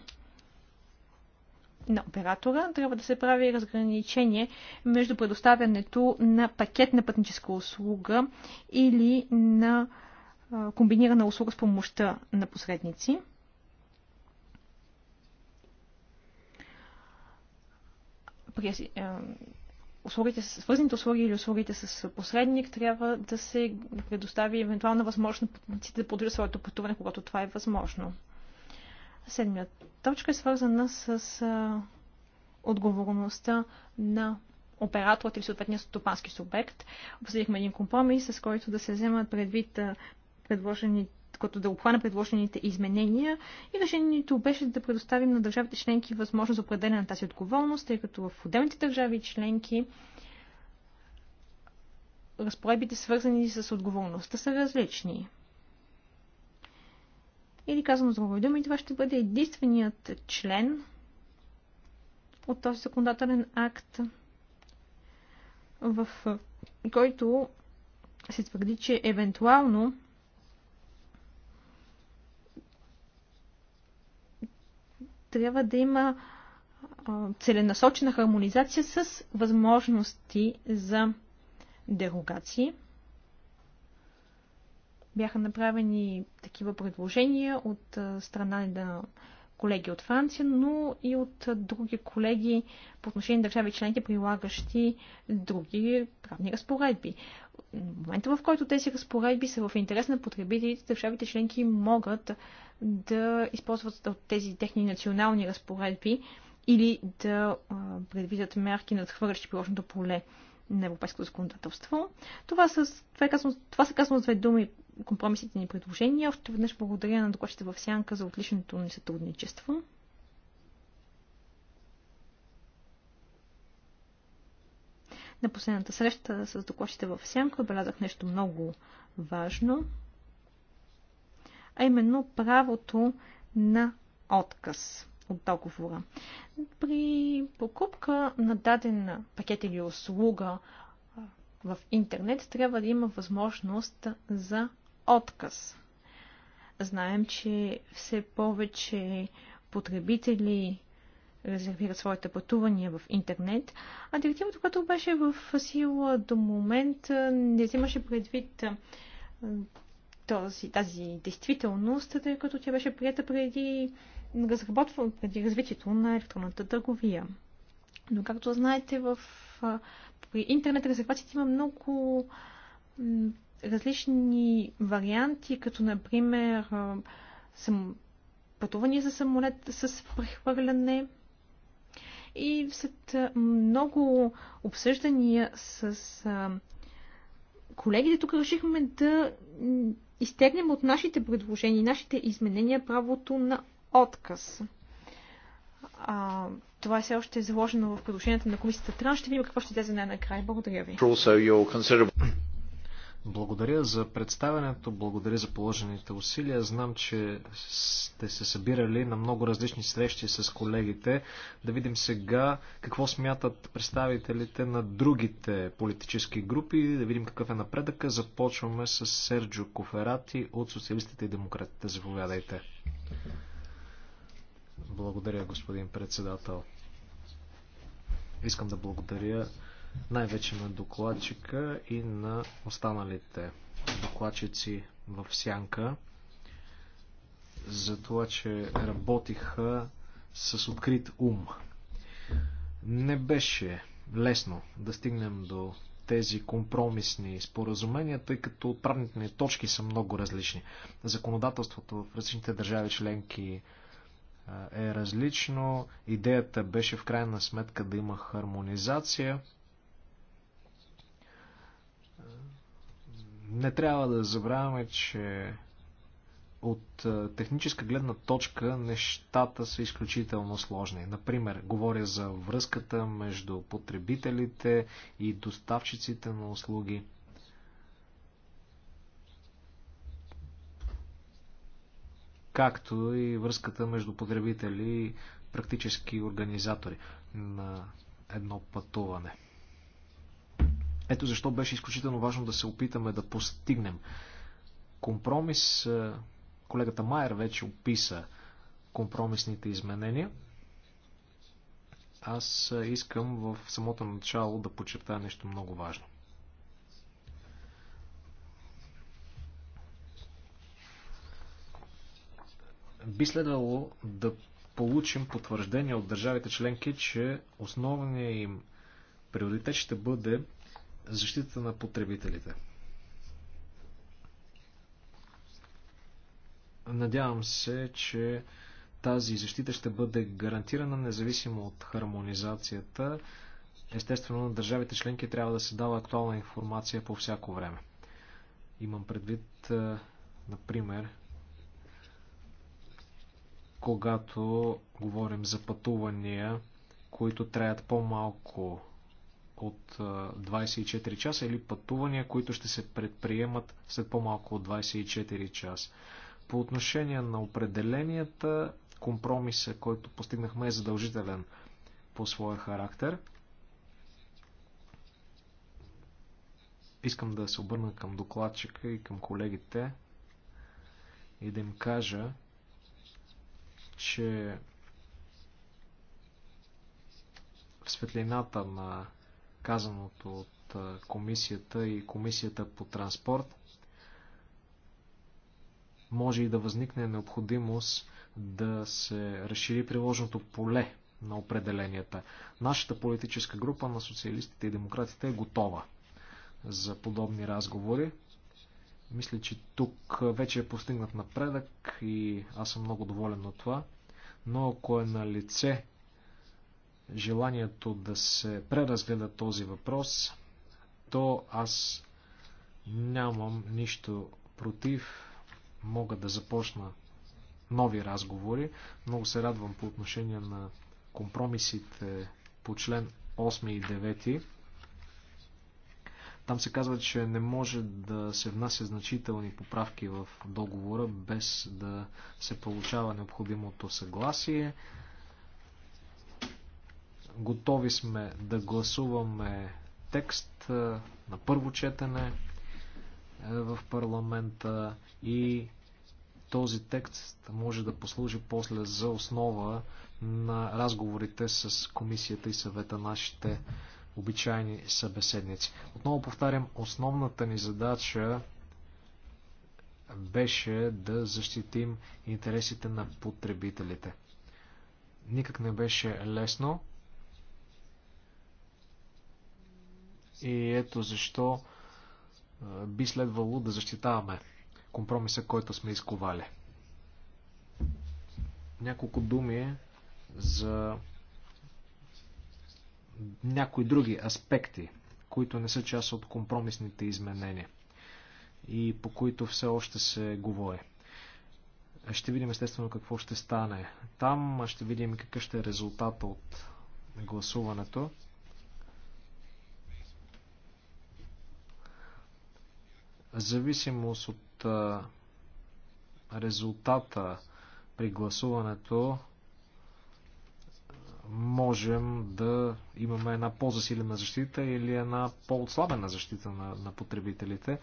на оператора, трябва да се прави разграничение между предоставянето на пакет на пътническа услуга или на комбинирана услуга с помощта на посредници. При, услугите, свързаните услуги или услугите с посредник трябва да се предостави евентуална възможност пътниците да продължат своето пътуване, когато това е възможно. Седмият точка е свързана с а, отговорността на операторът или съответния стопански субект. Обсъдихме един компромис, с който да се вземат предвид като да обхвана предложените изменения и решението беше да предоставим на държавите членки възможност за определяне на тази отговорност, тъй като в отделните държави членки разпоредбите свързани с отговорността са различни. Или казвам с други думи, това ще бъде единственият член от този законодателен акт, в който се твърди, че евентуално трябва да има целенасочена хармонизация с възможности за дерогации. Бяха направени такива предложения от страна на колеги от Франция, но и от други колеги по отношение на държави членки, прилагащи други правни разпоредби в момента, в който тези разпоредби са в интерес на потребителите, държавите членки могат да използват тези техни национални разпоредби или да предвидят мерки хвърлящи приложното поле на европейското законодателство. Това са, това, е казано, това са казано с две думи компромисите ни предложения. Още веднъж благодаря на докладчите в Сянка за отличното ни сътрудничество. На последната среща с докладчите в Сянка белязах нещо много важно, а именно правото на отказ от договора. При покупка на даден пакет или услуга в интернет трябва да има възможност за отказ. Знаем, че все повече потребители резервират своите пътувания в интернет, а директивата, която беше в сила до момента, не взимаше предвид този, тази действителност, тъй като тя беше прията преди преди развитието на електронната търговия. Но както знаете, в, при интернет резервациите има много различни варианти, като например съм пътувания за самолет с прехвърляне, и след много обсъждания с колегите тук решихме да изтегнем от нашите предложения, нашите изменения правото на отказ. А, това е все още заложено в предложенията на комисията Тран. Ще видим какво ще излезе най-накрая. Благодаря ви. Благодаря за представянето, благодаря за положените усилия. Знам, че сте се събирали на много различни срещи с колегите. Да видим сега какво смятат представителите на другите политически групи, да видим какъв е напредъка. Започваме с Серджо Коферати от Социалистите и Демократите. Заповядайте. Благодаря, господин председател. Искам да благодаря най-вече на докладчика и на останалите докладчици в сянка за това, че работиха с открит ум. Не беше лесно да стигнем до тези компромисни споразумения, тъй като отправните ни точки са много различни. Законодателството в различните държави членки е различно. Идеята беше в крайна сметка да има хармонизация. Не трябва да забравяме, че от техническа гледна точка нещата са изключително сложни. Например, говоря за връзката между потребителите и доставчиците на услуги. Както и връзката между потребители и практически организатори на едно пътуване. Ето защо беше изключително важно да се опитаме да постигнем компромис. Е, колегата Майер вече описа компромисните изменения. Аз е, искам в самото начало да подчертая нещо много важно. Би следвало да получим потвърждение от държавите членки, че основният им приоритет ще бъде защитата на потребителите. Надявам се, че тази защита ще бъде гарантирана независимо от хармонизацията. Естествено, на държавите членки трябва да се дава актуална информация по всяко време. Имам предвид, е, например, когато говорим за пътувания, които траят по-малко от 24 часа или пътувания, които ще се предприемат след по-малко от 24 часа. По отношение на определенията, компромиса, който постигнахме е задължителен по своя характер. Искам да се обърна към докладчика и към колегите и да им кажа, че в светлината на казаното от комисията и комисията по транспорт. Може и да възникне необходимост да се разшири приложното поле на определенията. Нашата политическа група на социалистите и демократите е готова за подобни разговори. Мисля, че тук вече е постигнат напредък и аз съм много доволен от това. Но ако е на лице желанието да се преразгледа този въпрос, то аз нямам нищо против. Мога да започна нови разговори. Много се радвам по отношение на компромисите по член 8 и 9. Там се казва, че не може да се внася значителни поправки в договора без да се получава необходимото съгласие. Готови сме да гласуваме текст на първо четене е, в парламента и този текст може да послужи после за основа на разговорите с комисията и съвета нашите обичайни събеседници. Отново повтарям, основната ни задача беше да защитим интересите на потребителите. Никак не беше лесно. И ето защо би следвало да защитаваме компромиса, който сме изковали. Няколко думи за някои други аспекти, които не са част от компромисните изменения и по които все още се говори. Ще видим естествено какво ще стане. Там ще видим какъв ще е резултат от гласуването. зависимост от резултата при гласуването можем да имаме една по-засилена защита или една по-отслабена защита на, на потребителите.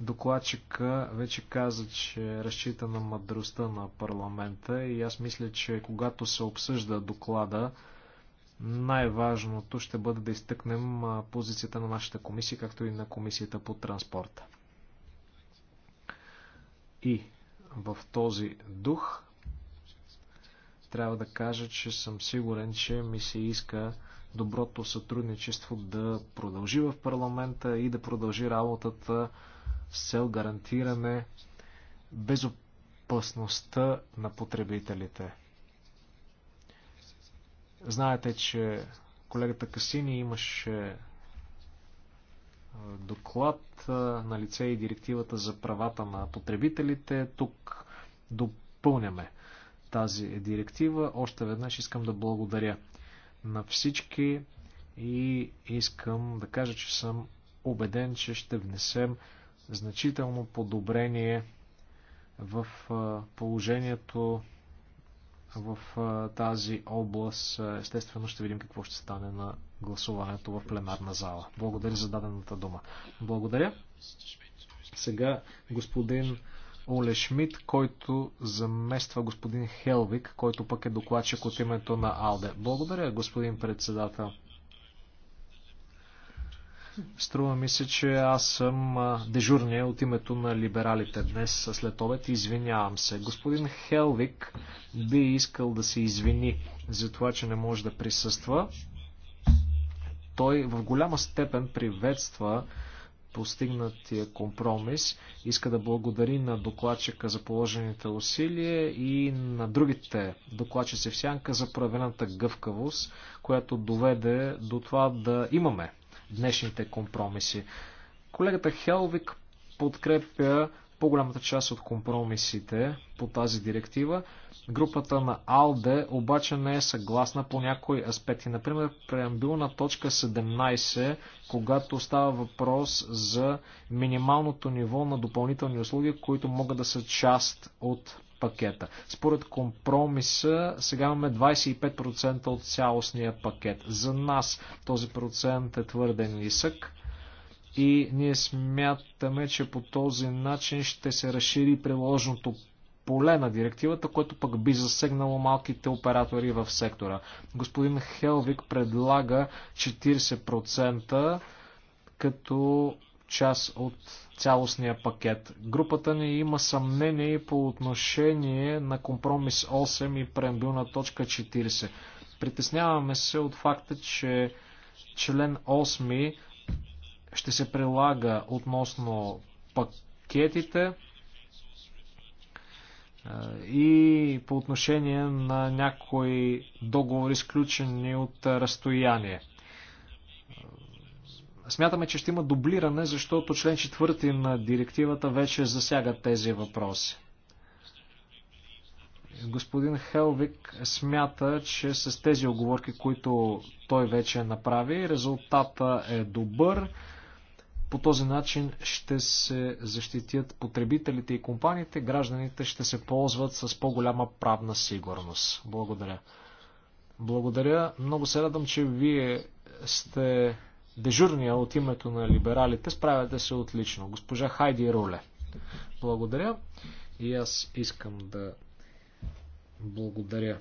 Докладчика вече каза, че разчита на мъдростта на парламента и аз мисля, че когато се обсъжда доклада, най-важното ще бъде да изтъкнем позицията на нашата комисия, както и на комисията по транспорта. И в този дух трябва да кажа, че съм сигурен, че ми се иска доброто сътрудничество да продължи в парламента и да продължи работата с цел гарантиране безопасността на потребителите. Знаете, че колегата Касини имаше доклад на лице и директивата за правата на потребителите. Тук допълняме тази директива. Още веднъж искам да благодаря на всички и искам да кажа, че съм убеден, че ще внесем значително подобрение в положението в тази област. Естествено ще видим какво ще стане на гласуването в пленарна зала. Благодаря за дадената дума. Благодаря. Сега господин Оле Шмидт, който замества господин Хелвик, който пък е докладчик от името на Алде. Благодаря, господин председател. Струва ми се, че аз съм дежурния от името на либералите днес след обед. Извинявам се. Господин Хелвик би искал да се извини за това, че не може да присъства. Той в голяма степен приветства постигнатия компромис. Иска да благодари на докладчика за положените усилия и на другите докладчици в сянка за проявената гъвкавост, която доведе до това да имаме днешните компромиси. Колегата Хелвик подкрепя по-голямата част от компромисите по тази директива. Групата на АЛДЕ обаче не е съгласна по някои аспекти. Например, преамбилна точка 17, когато става въпрос за минималното ниво на допълнителни услуги, които могат да са част от пакета. Според компромиса сега имаме 25% от цялостния пакет. За нас този процент е твърде нисък и ние смятаме, че по този начин ще се разшири приложното поле на директивата, което пък би засегнало малките оператори в сектора. Господин Хелвик предлага 40% като част от цялостния пакет. Групата ни има съмнение и по отношение на компромис 8 и преамбилна точка 40. Притесняваме се от факта, че член 8 ще се прилага относно пакетите и по отношение на някои договори, изключени от разстояние. Смятаме, че ще има дублиране, защото член 4 на директивата вече засяга тези въпроси. Господин Хелвик смята, че с тези оговорки, които той вече направи, резултата е добър. По този начин ще се защитят потребителите и компаниите, гражданите ще се ползват с по-голяма правна сигурност. Благодаря. Благодаря. Много се радвам, че вие сте дежурния от името на либералите. Справяте се отлично. Госпожа Хайди Руле. Благодаря. И аз искам да благодаря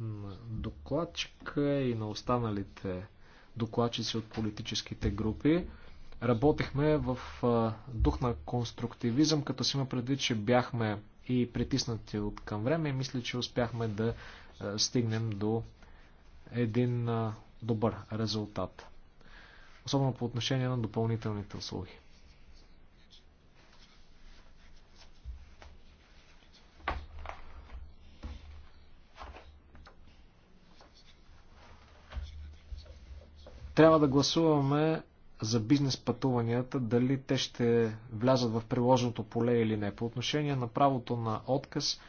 на докладчика и на останалите докладчици от политическите групи. Работехме в дух на конструктивизъм, като си има предвид, че бяхме и притиснати от към време и мисля, че успяхме да стигнем до един добър резултат. Особено по отношение на допълнителните услуги. Трябва да гласуваме за бизнес пътуванията, дали те ще влязат в приложеното поле или не. По отношение на правото на отказ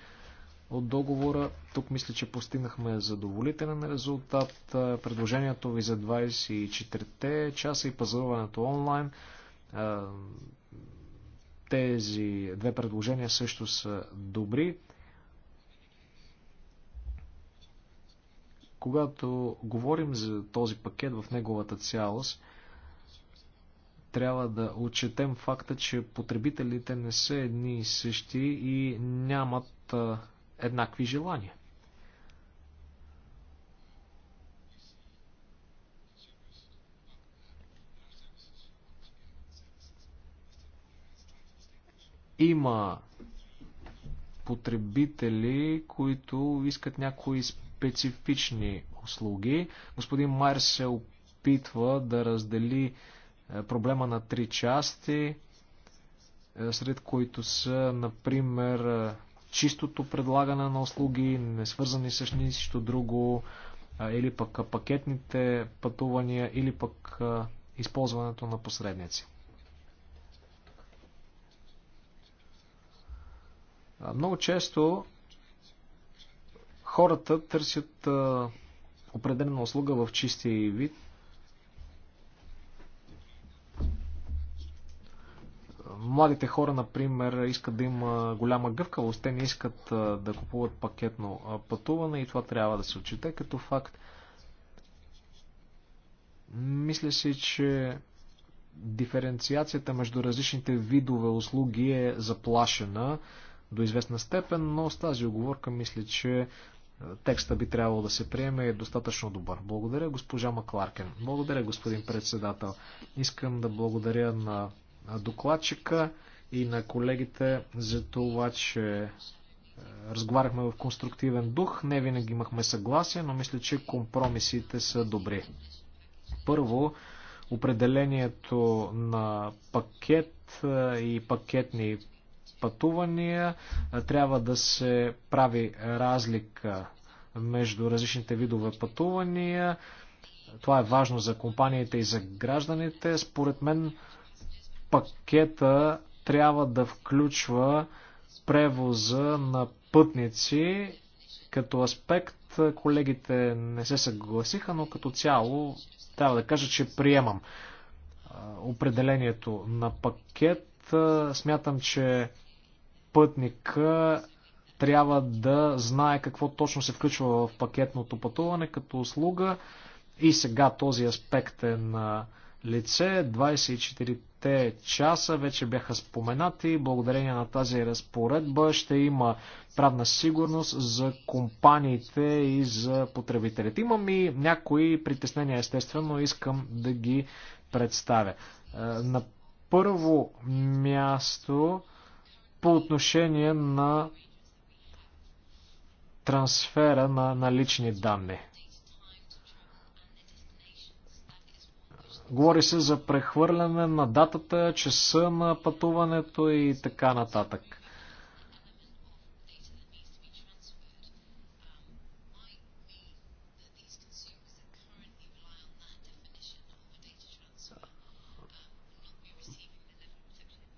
от договора, тук мисля, че постигнахме задоволителен резултат. Предложението ви за 24-те часа и пазаруването онлайн. Тези две предложения също са добри. Когато говорим за този пакет в неговата цялост, трябва да отчетем факта, че потребителите не са едни и същи и нямат еднакви желания. Има потребители, които искат някои специфични услуги. Господин Майер се опитва да раздели е, проблема на три части, е, сред които са, например, е, чистото предлагане на услуги, не свързани с нищо друго, или пък пакетните пътувания, или пък използването на посредници. Много често хората търсят определена услуга в чистия вид Младите хора, например, искат да има голяма гъвкавост, те не искат да купуват пакетно пътуване и това трябва да се отчете като факт. Мисля си, че диференциацията между различните видове услуги е заплашена до известна степен, но с тази оговорка мисля, че текста би трябвало да се приеме е достатъчно добър. Благодаря госпожа Макларкен. Благодаря господин председател. Искам да благодаря на докладчика и на колегите за това, че е, разговаряхме в конструктивен дух. Не винаги имахме съгласие, но мисля, че компромисите са добри. Първо, определението на пакет е, и пакетни пътувания е, трябва да се прави разлика между различните видове пътувания. Това е важно за компаниите и за гражданите. Според мен пакета трябва да включва превоза на пътници като аспект. Колегите не се съгласиха, но като цяло трябва да кажа, че приемам определението на пакет. Смятам, че пътника трябва да знае какво точно се включва в пакетното пътуване като услуга и сега този аспект е на лице. 24-те часа вече бяха споменати. Благодарение на тази разпоредба ще има правна сигурност за компаниите и за потребителите. Имам и някои притеснения, естествено, искам да ги представя. Е, на първо място по отношение на трансфера на, на лични данни. Говори се за прехвърляне на датата, часа на пътуването и така нататък.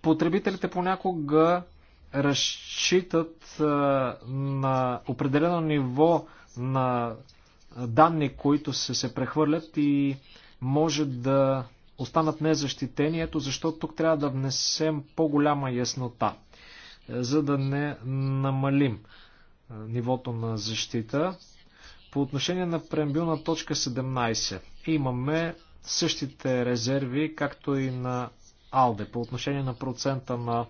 Потребителите понякога разчитат на определено ниво на данни, които се, се прехвърлят и може да останат незащитени, ето защо тук трябва да внесем по-голяма яснота, е, за да не намалим е, нивото на защита. По отношение на преамбилна точка 17 имаме същите резерви, както и на АЛДЕ. По отношение на процента на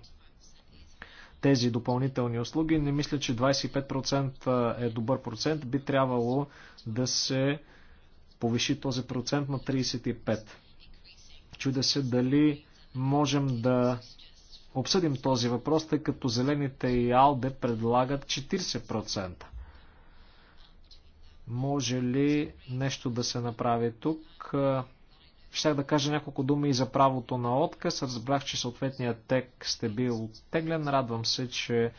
тези допълнителни услуги, не мисля, че 25% е добър процент. Би трябвало да се е, повиши този процент на 35. Чудя се дали можем да обсъдим този въпрос, тъй като зелените и Алде предлагат 40%. Може ли нещо да се направи тук? Щях да кажа няколко думи и за правото на отказ. Разбрах, че съответният текст е бил оттеглен. Радвам се, че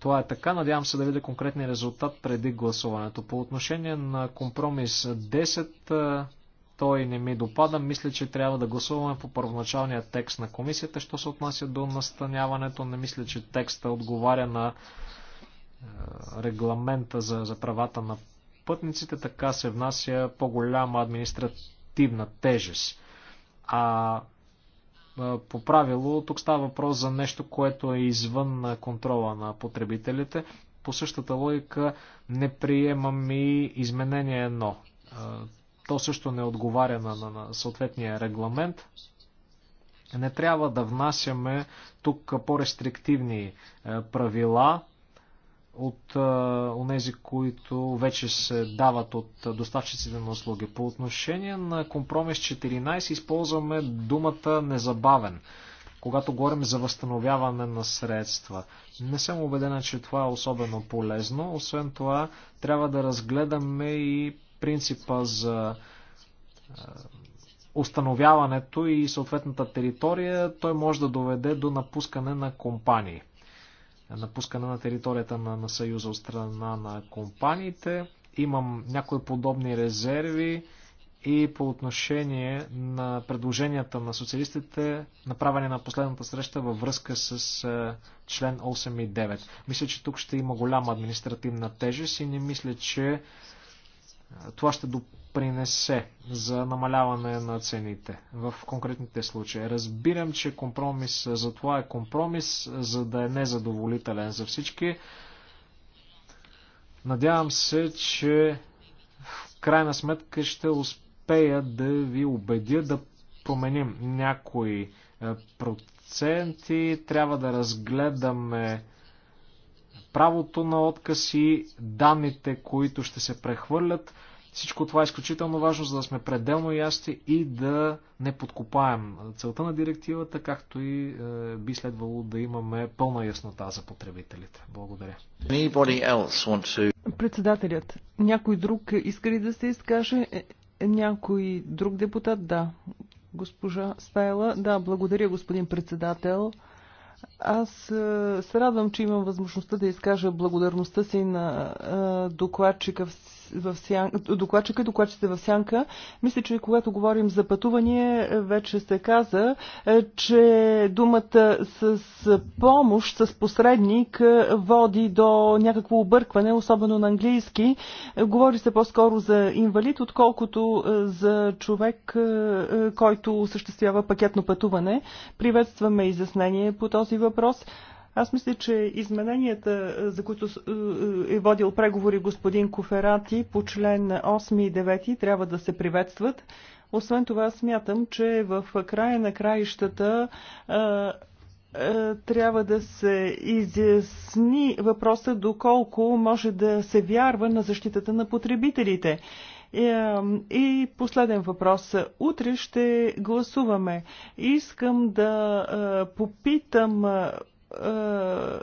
това е така. Надявам се да видя конкретния резултат преди гласуването. По отношение на компромис 10, той не ми допада. Мисля, че трябва да гласуваме по първоначалния текст на комисията. Що се отнася до настаняването, не мисля, че текста отговаря на регламента за, за правата на пътниците. Така се внася по-голяма административна тежест. А по правило тук става въпрос за нещо, което е извън контрола на потребителите. По същата логика не приемам и изменение едно. То също не отговаря на, на, на съответния регламент. Не трябва да внасяме тук по-рестриктивни правила, от онези, които вече се дават от доставчиците на услуги. По отношение на компромис 14 използваме думата незабавен, когато говорим за възстановяване на средства. Не съм убедена, че това е особено полезно. Освен това, трябва да разгледаме и принципа за установяването и съответната територия. Той може да доведе до напускане на компании напускане на територията на, на Съюза от страна на компаниите. Имам някои подобни резерви и по отношение на предложенията на социалистите, направени на последната среща във връзка с е, член 8 и 9. Мисля, че тук ще има голяма административна тежест и не мисля, че това ще допринесе за намаляване на цените в конкретните случаи. Разбирам, че компромис за това е компромис, за да е незадоволителен за всички. Надявам се, че в крайна сметка ще успея да ви убедя да променим някои е, проценти. Трябва да разгледаме правото на отказ и данните, които ще се прехвърлят. Всичко това е изключително важно, за да сме пределно ясни и да не подкопаем целта на директивата, както и е, би следвало да имаме пълна яснота за потребителите. Благодаря. Председателят, някой друг иска ли да се изкаже? Е, е, някой друг депутат? Да. Госпожа Стайла, да, благодаря господин председател. Аз е, се радвам, че имам възможността да изкажа благодарността си на е, докладчика в в сянка, докладчика и докладчите в сянка. Мисля, че когато говорим за пътуване, вече се каза, е, че думата с помощ, с посредник води до някакво объркване, особено на английски. Говори се по-скоро за инвалид, отколкото е, за човек, е, който осъществява пакетно пътуване. Приветстваме изяснение по този въпрос. Аз мисля, че измененията, за които е водил преговори господин Коферати по член 8 и 9, трябва да се приветстват. Освен това, смятам, че в края на краищата трябва да се изясни въпроса доколко може да се вярва на защитата на потребителите. Е, и последен въпрос. Утре ще гласуваме. Искам да попитам е,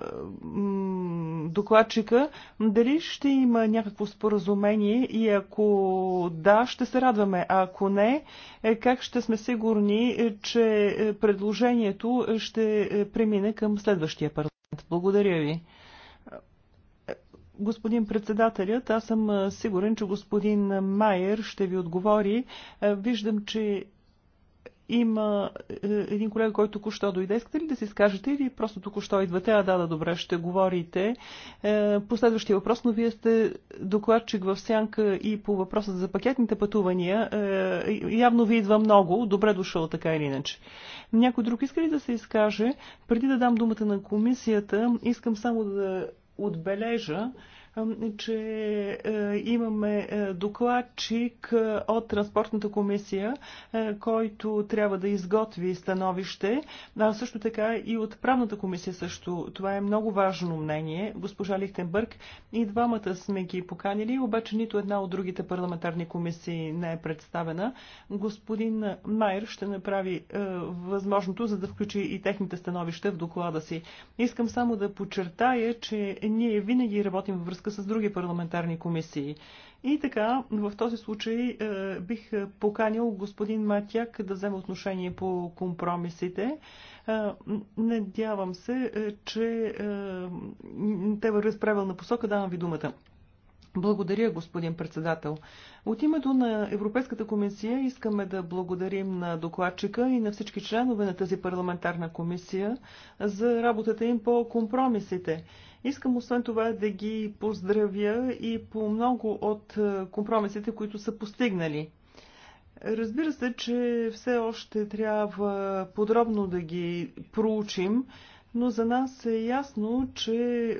докладчика, дали ще има някакво споразумение и ако да, ще се радваме, а ако не, е, как ще сме сигурни, е, че предложението ще премине към следващия парламент? Благодаря ви. Господин председателят, аз съм сигурен, че господин Майер ще ви отговори. Виждам, че има е, един колега, който току-що дойде. Искате ли да се изкажете или просто току-що идвате? А, да, да, добре, ще говорите. Е, последващия въпрос, но вие сте докладчик в сянка и по въпроса за пакетните пътувания. Е, явно ви идва много. Добре дошъл, така или иначе. Някой друг иска ли да се изкаже? Преди да дам думата на комисията, искам само да отбележа, че е, имаме е, докладчик е, от Транспортната комисия, който трябва да изготви становище, а също така и от Правната комисия също. Това е много важно мнение. Госпожа Лихтенбърг и двамата сме ги поканили, обаче нито една от другите парламентарни комисии не е представена. Господин Майер ще направи възможното, за да включи и техните становища в доклада си. Искам само да подчертая, че ние винаги работим във връзка връзка с други парламентарни комисии. И така, в този случай е, бих поканил господин Матяк да вземе отношение по компромисите. Е, надявам се, е, че те вървят правилна посока. Давам ви думата. Благодаря, господин председател. От името на Европейската комисия искаме да благодарим на докладчика и на всички членове на тази парламентарна комисия за работата им по компромисите. Искам освен това да ги поздравя и по много от компромисите, които са постигнали. Разбира се, че все още трябва подробно да ги проучим, но за нас е ясно, че е,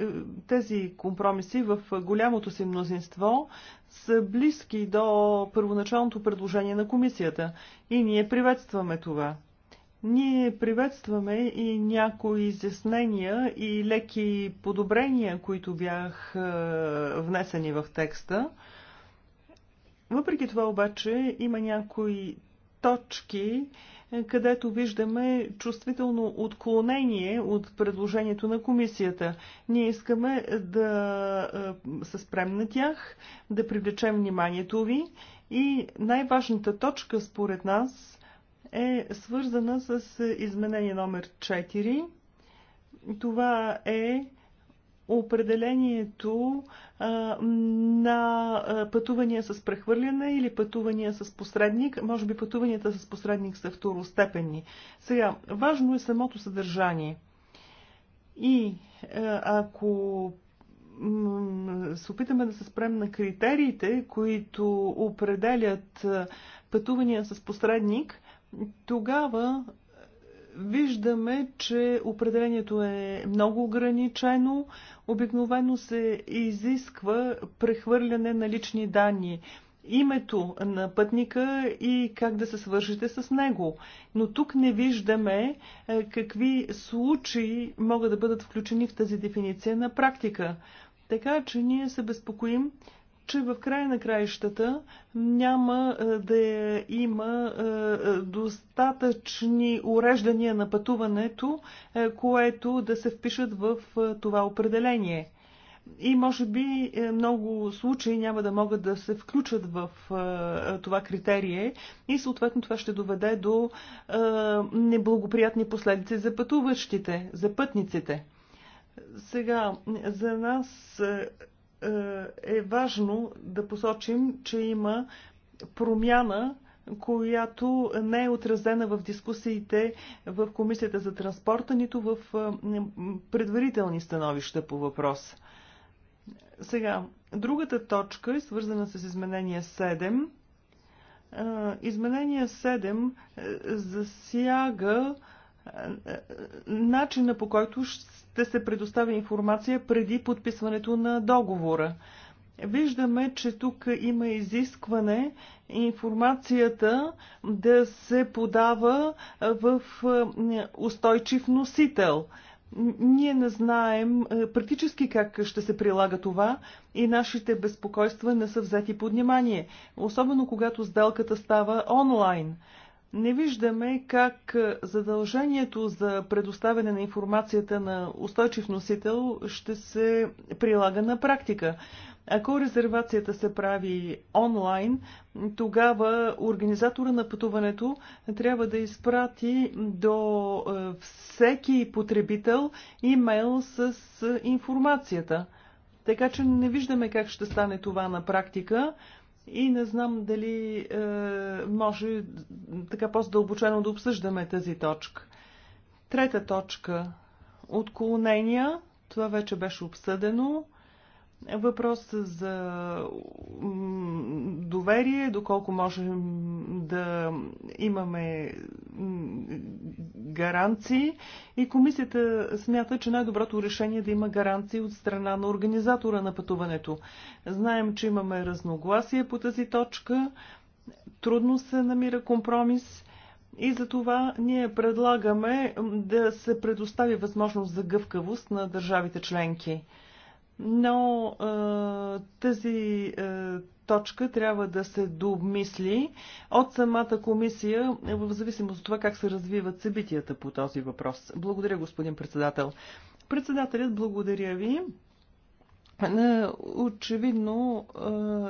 тези компромиси в голямото си мнозинство са близки до първоначалното предложение на комисията и ние приветстваме това. Ние приветстваме и някои изяснения и леки подобрения, които бях е, внесени в текста. Въпреки това обаче има някои точки, е, където виждаме чувствително отклонение от предложението на комисията. Ние искаме да е, се спрем на тях, да привлечем вниманието ви и най-важната точка според нас е свързана с изменение номер 4. Това е определението а, на пътувания с прехвърляне или пътувания с посредник. Може би пътуванията с посредник са второстепенни. Сега, важно е самото съдържание. И ако се опитаме да се спрем на критериите, които определят пътувания с посредник, тогава Виждаме, че определението е много ограничено. Обикновено се изисква прехвърляне на лични данни името на пътника и как да се свържете с него. Но тук не виждаме е, какви случаи могат да бъдат включени в тази дефиниция на практика. Така че ние се безпокоим че в края на краищата няма е, да има е, е, достатъчни уреждания на пътуването, което да се впишат в това определение. И може би много случаи няма да могат да се включат в това критерие и съответно това ще доведе до неблагоприятни последици за пътуващите, за пътниците. Сега, за нас е, е важно да посочим, че има промяна, която не е отразена в дискусиите в Комисията за транспорта, нито в е, предварителни становища по въпрос. Сега, другата точка е свързана с изменение 7. Е, изменение 7 засяга начина по който ще се предоставя информация преди подписването на договора. Виждаме, че тук има изискване информацията да се подава в устойчив носител. Ние не знаем практически как ще се прилага това и нашите безпокойства не са взети под внимание, особено когато сделката става онлайн не виждаме как е, задължението за предоставяне на информацията на устойчив носител ще се прилага на практика. Ако резервацията се прави онлайн, тогава организатора на пътуването трябва да изпрати до е, всеки потребител имейл с е, информацията. Така че не виждаме как ще стане това на практика и не знам дали е, може така по-задълбочено да обсъждаме тази точка. Трета точка. Отклонения. Това вече беше обсъдено. Въпрос за доверие, доколко можем да имаме гаранции. И комисията смята, че най-доброто решение е да има гаранции от страна на организатора на пътуването. Знаем, че имаме разногласие по тази точка. Трудно се намира компромис. И за това ние предлагаме да се предостави възможност за гъвкавост на държавите членки но е, тази е, точка трябва да се дообмисли от самата комисия, е, в зависимост от това как се развиват събитията по този въпрос. Благодаря, господин председател. Председателят, благодаря ви. Е, очевидно,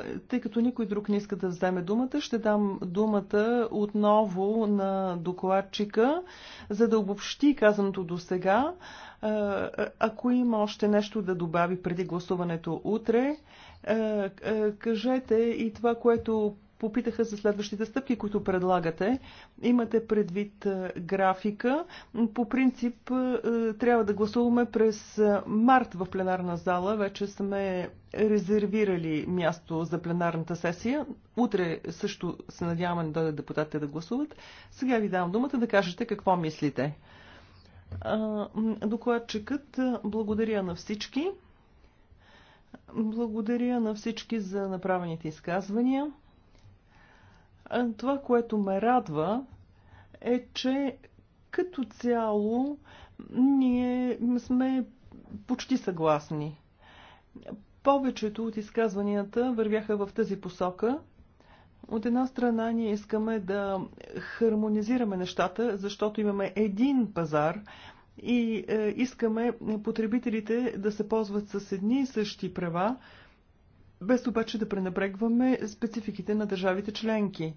е, тъй като никой друг не иска да вземе думата, ще дам думата отново на докладчика, за да обобщи казаното до сега. Е, ако има още нещо да добави преди гласуването утре, кажете и това, което попитаха за следващите стъпки, които предлагате. Имате предвид графика. По принцип трябва да гласуваме през март в пленарна зала. Вече сме резервирали място за пленарната сесия. Утре също се надяваме да дойдат депутатите да гласуват. Сега ви давам думата да кажете какво мислите. Докладчикът благодаря на всички. Благодаря на всички за направените изказвания. Това, което ме радва, е, че като цяло ние сме почти съгласни. Повечето от изказванията вървяха в тази посока. От една страна ние искаме да хармонизираме нещата, защото имаме един пазар и е, искаме потребителите да се ползват с едни и същи права, без обаче да пренебрегваме спецификите на държавите членки.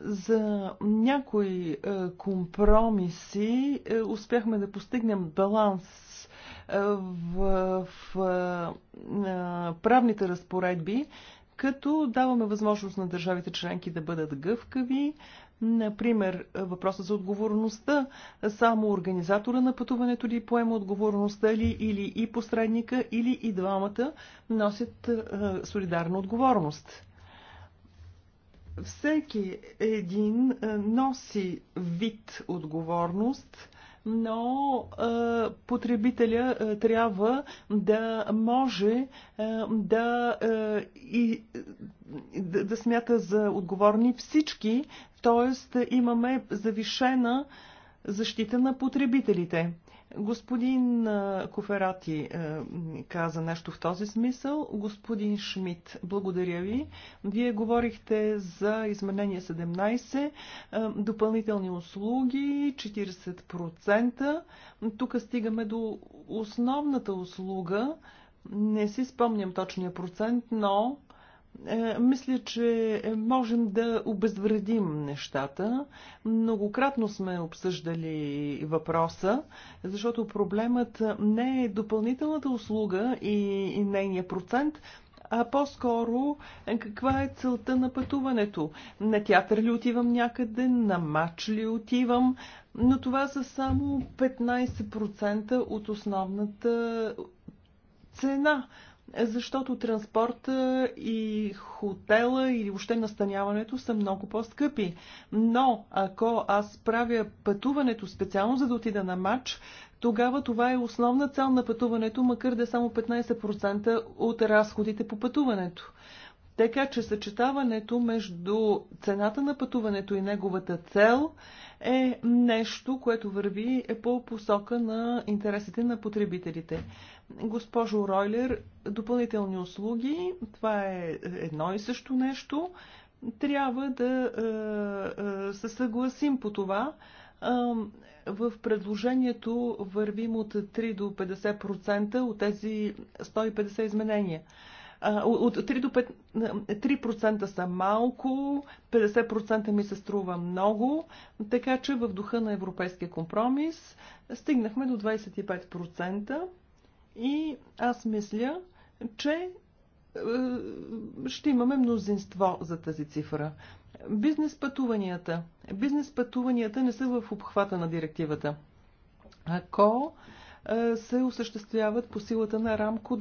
За някои е, компромиси е, успяхме да постигнем баланс е, в, в правните разпоредби, като даваме възможност на държавите членки да бъдат гъвкави, Например, въпроса за отговорността. Само организатора на пътуването ли поема отговорността ли или и посредника, или и двамата носят е, солидарна отговорност. Всеки един е, носи вид отговорност, но е, потребителя трябва да може да, и, да, да смята за отговорни всички, т.е. имаме завишена защита на потребителите. Господин Коферати каза нещо в този смисъл. Господин Шмидт, благодаря ви. Вие говорихте за изменение 17, допълнителни услуги 40%. Тук стигаме до основната услуга. Не си спомням точния процент, но е, мисля, че можем да обезвредим нещата. Многократно сме обсъждали въпроса, защото проблемът не е допълнителната услуга и нейния процент, а по-скоро каква е целта на пътуването. На театър ли отивам някъде, на матч ли отивам, но това са само 15% от основната цена защото транспорта и хотела или още настаняването са много по-скъпи. Но ако аз правя пътуването специално за да отида на матч, тогава това е основна цел на пътуването, макар да е само 15% от разходите по пътуването. Така че съчетаването между цената на пътуването и неговата цел е нещо, което върви по посока на интересите на потребителите. Госпожо Ройлер, допълнителни услуги, това е едно и също нещо. Трябва да е, е, се съгласим по това. Е, в предложението вървим от 3 до 50% от тези 150 изменения от 3 до 5, 3% са малко, 50% ми се струва много, така че в духа на европейския компромис стигнахме до 25% и аз мисля, че е, ще имаме мнозинство за тази цифра. Бизнес пътуванията. Бизнес пътуванията не са в обхвата на директивата. Ако е, се осъществяват по силата на рамко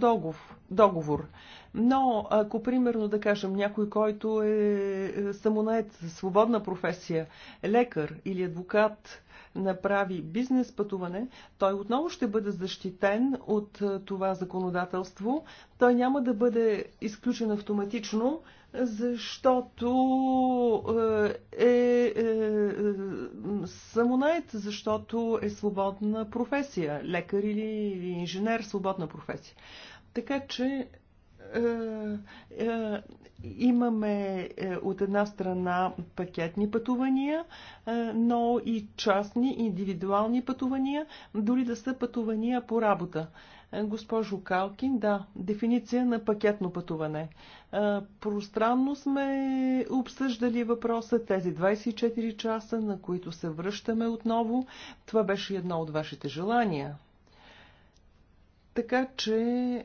договор. Но ако, примерно, да кажем, някой, който е, е самонает, свободна професия, лекар или адвокат, направи бизнес пътуване, той отново ще бъде защитен от е, това законодателство. Той няма да бъде изключен автоматично, защото е, е, е самонает, защото е свободна професия. Лекар или, или инженер, свободна професия. Така че е, е, имаме е, от една страна пакетни пътувания, но и частни, индивидуални пътувания, дори да са пътувания по работа. Госпожо Калкин, да, дефиниция на пакетно пътуване. Пространно сме обсъждали въпроса тези 24 часа, на които се връщаме отново. Това беше едно от вашите желания. Така че е,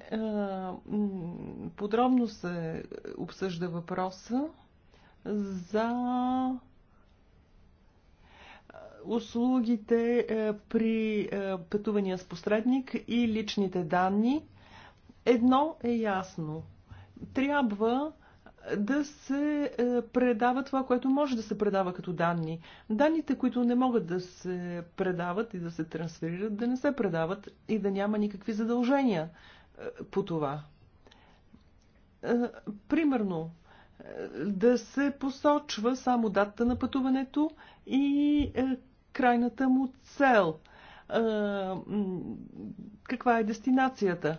подробно се обсъжда въпроса за е, услугите е, при пътувания с посредник и личните данни. Едно е ясно. Трябва да се е, предава това, което може да се предава като данни. Данните, които не могат да се предават и да се трансферират, да не се предават и да няма никакви задължения е, по това. Е, примерно, да се посочва само датата на пътуването и крайната му цел. Каква е дестинацията?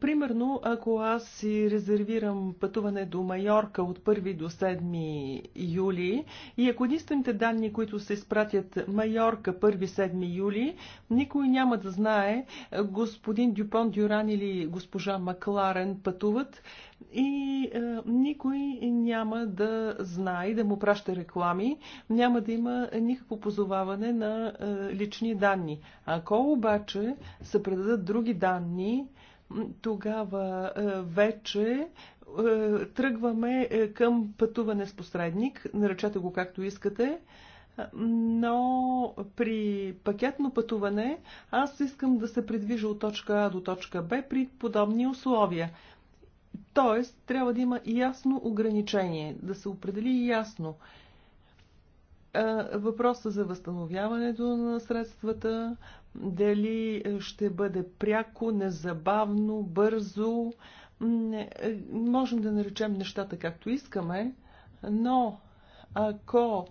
Примерно, ако аз си резервирам пътуване до Майорка от 1 до 7 юли и ако единствените данни, които се изпратят Майорка 1-7 юли, никой няма да знае господин Дюпон Дюран или госпожа Макларен пътуват и е, никой няма да знае, да му праща реклами, няма да има никакво позоваване на е, лични данни. Ако обаче се предадат други данни, тогава е, вече е, тръгваме е, към пътуване с посредник, наречете го както искате, но при пакетно пътуване аз искам да се придвижа от точка А до точка Б при подобни условия. Тоест, трябва да има ясно ограничение, да се определи ясно. Въпросът за възстановяването на средствата, дали е, ще бъде пряко, незабавно, бързо. Е, можем да наречем нещата както искаме, но ако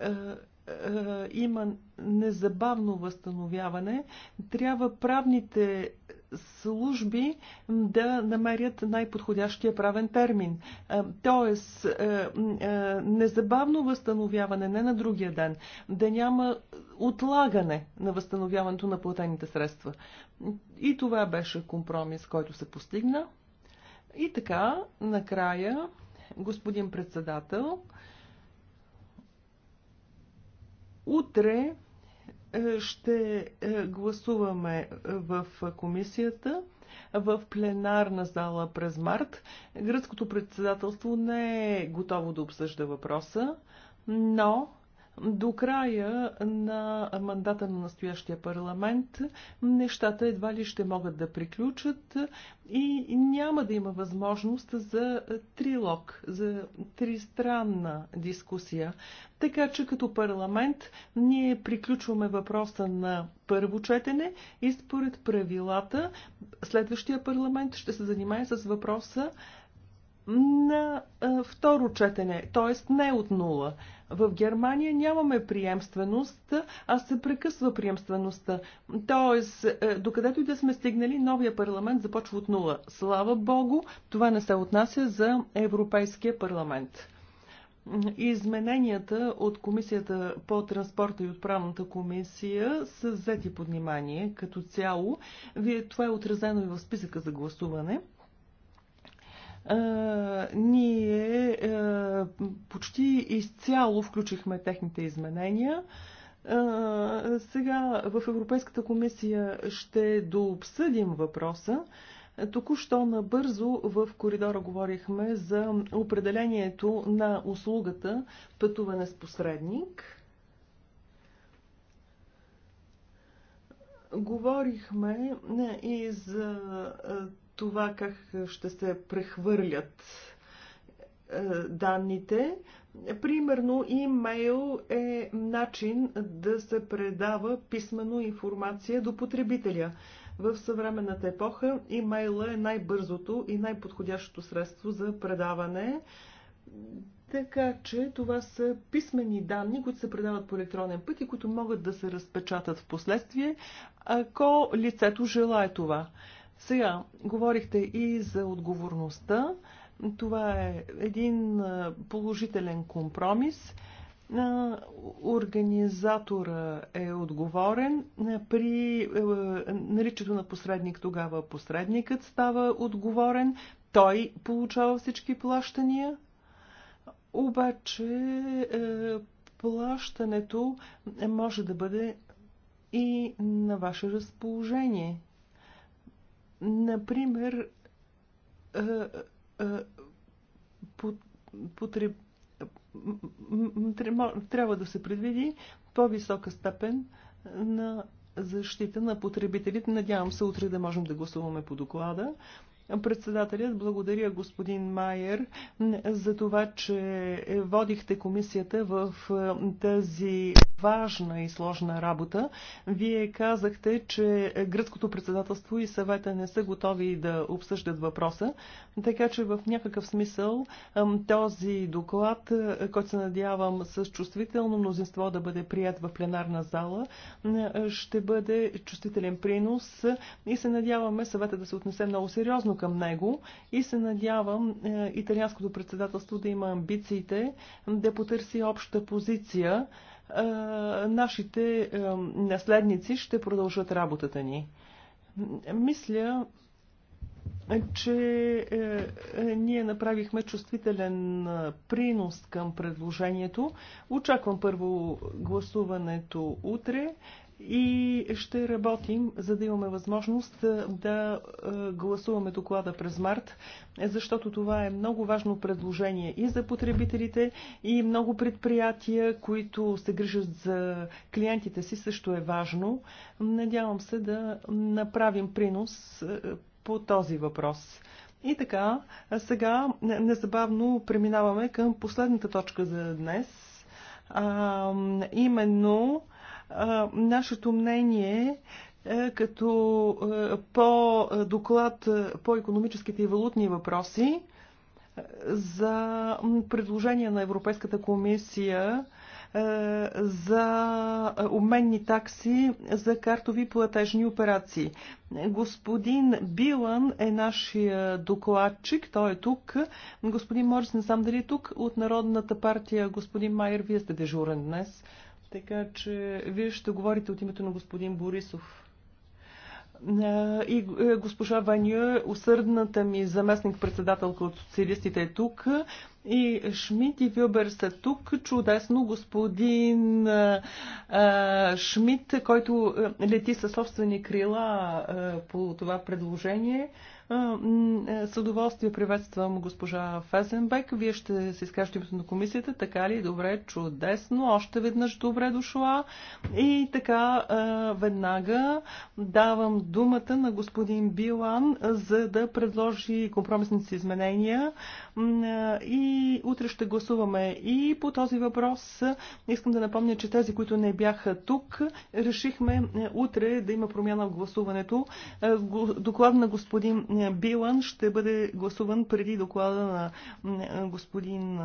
е, има незабавно възстановяване, трябва правните служби да намерят най-подходящия правен термин. Е, тоест, е, е, незабавно възстановяване, не на другия ден, да няма отлагане на възстановяването на платените средства. И това беше компромис, който се постигна. И така, накрая, господин председател, утре ще е, гласуваме е, в комисията в пленарна зала през март. Гръцкото председателство не е готово да обсъжда въпроса, но до края на мандата на настоящия парламент нещата едва ли ще могат да приключат и няма да има възможност за трилог, за тристранна дискусия. Така че като парламент ние приключваме въпроса на първо четене и според правилата следващия парламент ще се занимае с въпроса на а, второ четене, т.е. не от нула. В Германия нямаме приемственост, а се прекъсва приемствеността. Тоест, е, докъдето и да сме стигнали, новия парламент започва от нула. Слава Богу, това не се отнася за Европейския парламент. Измененията от Комисията по транспорта и отправната комисия са взети под внимание като цяло. Вие, това е отразено и в списъка за гласуване ние почти изцяло включихме техните изменения. Сега в Европейската комисия ще дообсъдим въпроса. Току-що набързо в коридора говорихме за определението на услугата пътуване с посредник. Говорихме и за това как е, ще се прехвърлят е, данните. Примерно, имейл е начин да се предава писмено информация до потребителя. В съвременната епоха имейла е най-бързото и най-подходящото средство за предаване. Така че това са писмени данни, които се предават по електронен път и които могат да се разпечатат в последствие, ако лицето желае това. Сега, говорихте и за отговорността. Това е един положителен компромис. Организатора е отговорен. При наличието на посредник тогава посредникът става отговорен. Той получава всички плащания. Обаче плащането може да бъде и на ваше разположение – Например, трябва да се предвиди по-висока степен на защита на потребителите. Надявам се утре да можем да гласуваме по доклада. Председателят благодаря господин Майер за това, че водихте комисията в е, тази важна и сложна работа. Вие казахте, че гръцкото председателство и съвета не са готови да обсъждат въпроса, така че в някакъв смисъл този доклад, е, който се надявам с чувствително мнозинство да бъде прият в пленарна зала, е, ще бъде чувствителен принос и се надяваме съвета да се отнесе много сериозно към него и се надявам е, италианското председателство да има амбициите да потърси обща позиция. Е, нашите е, наследници ще продължат работата ни. Мисля, че е, е, ние направихме чувствителен принос към предложението. Очаквам първо гласуването утре и ще работим, за да имаме възможност е, да е, гласуваме доклада през март, защото това е много важно предложение и за потребителите, и много предприятия, които се грижат за клиентите си, също е важно. Надявам се да направим принос е, по този въпрос. И така, сега незабавно преминаваме към последната точка за днес, а, именно Нашето мнение е, е като е, по доклад е, по економическите и валутни въпроси за предложение на Европейската комисия за обменни такси за картови платежни операции. Господин Билан е нашия докладчик. Той е тук. Господин Морис, не знам дали е тук. От Народната партия, господин Майер, вие сте дежурен днес. Така че вие ще говорите от името на господин Борисов. И е, госпожа Ваня, усърдната ми заместник-председателка от социалистите е тук. И Шмидт и Вилбер са тук. Чудесно, господин а, Шмидт, който лети със собствени крила а, по това предложение. С удоволствие приветствам госпожа Фезенбек. Вие ще се изкажете името на комисията, така ли? Добре, чудесно. Още веднъж добре дошла. И така, веднага давам думата на господин Билан, за да предложи компромисните изменения и утре ще гласуваме и по този въпрос. Искам да напомня, че тези, които не бяха тук, решихме утре да има промяна в гласуването. Доклад на господин Билан ще бъде гласуван преди доклада на господин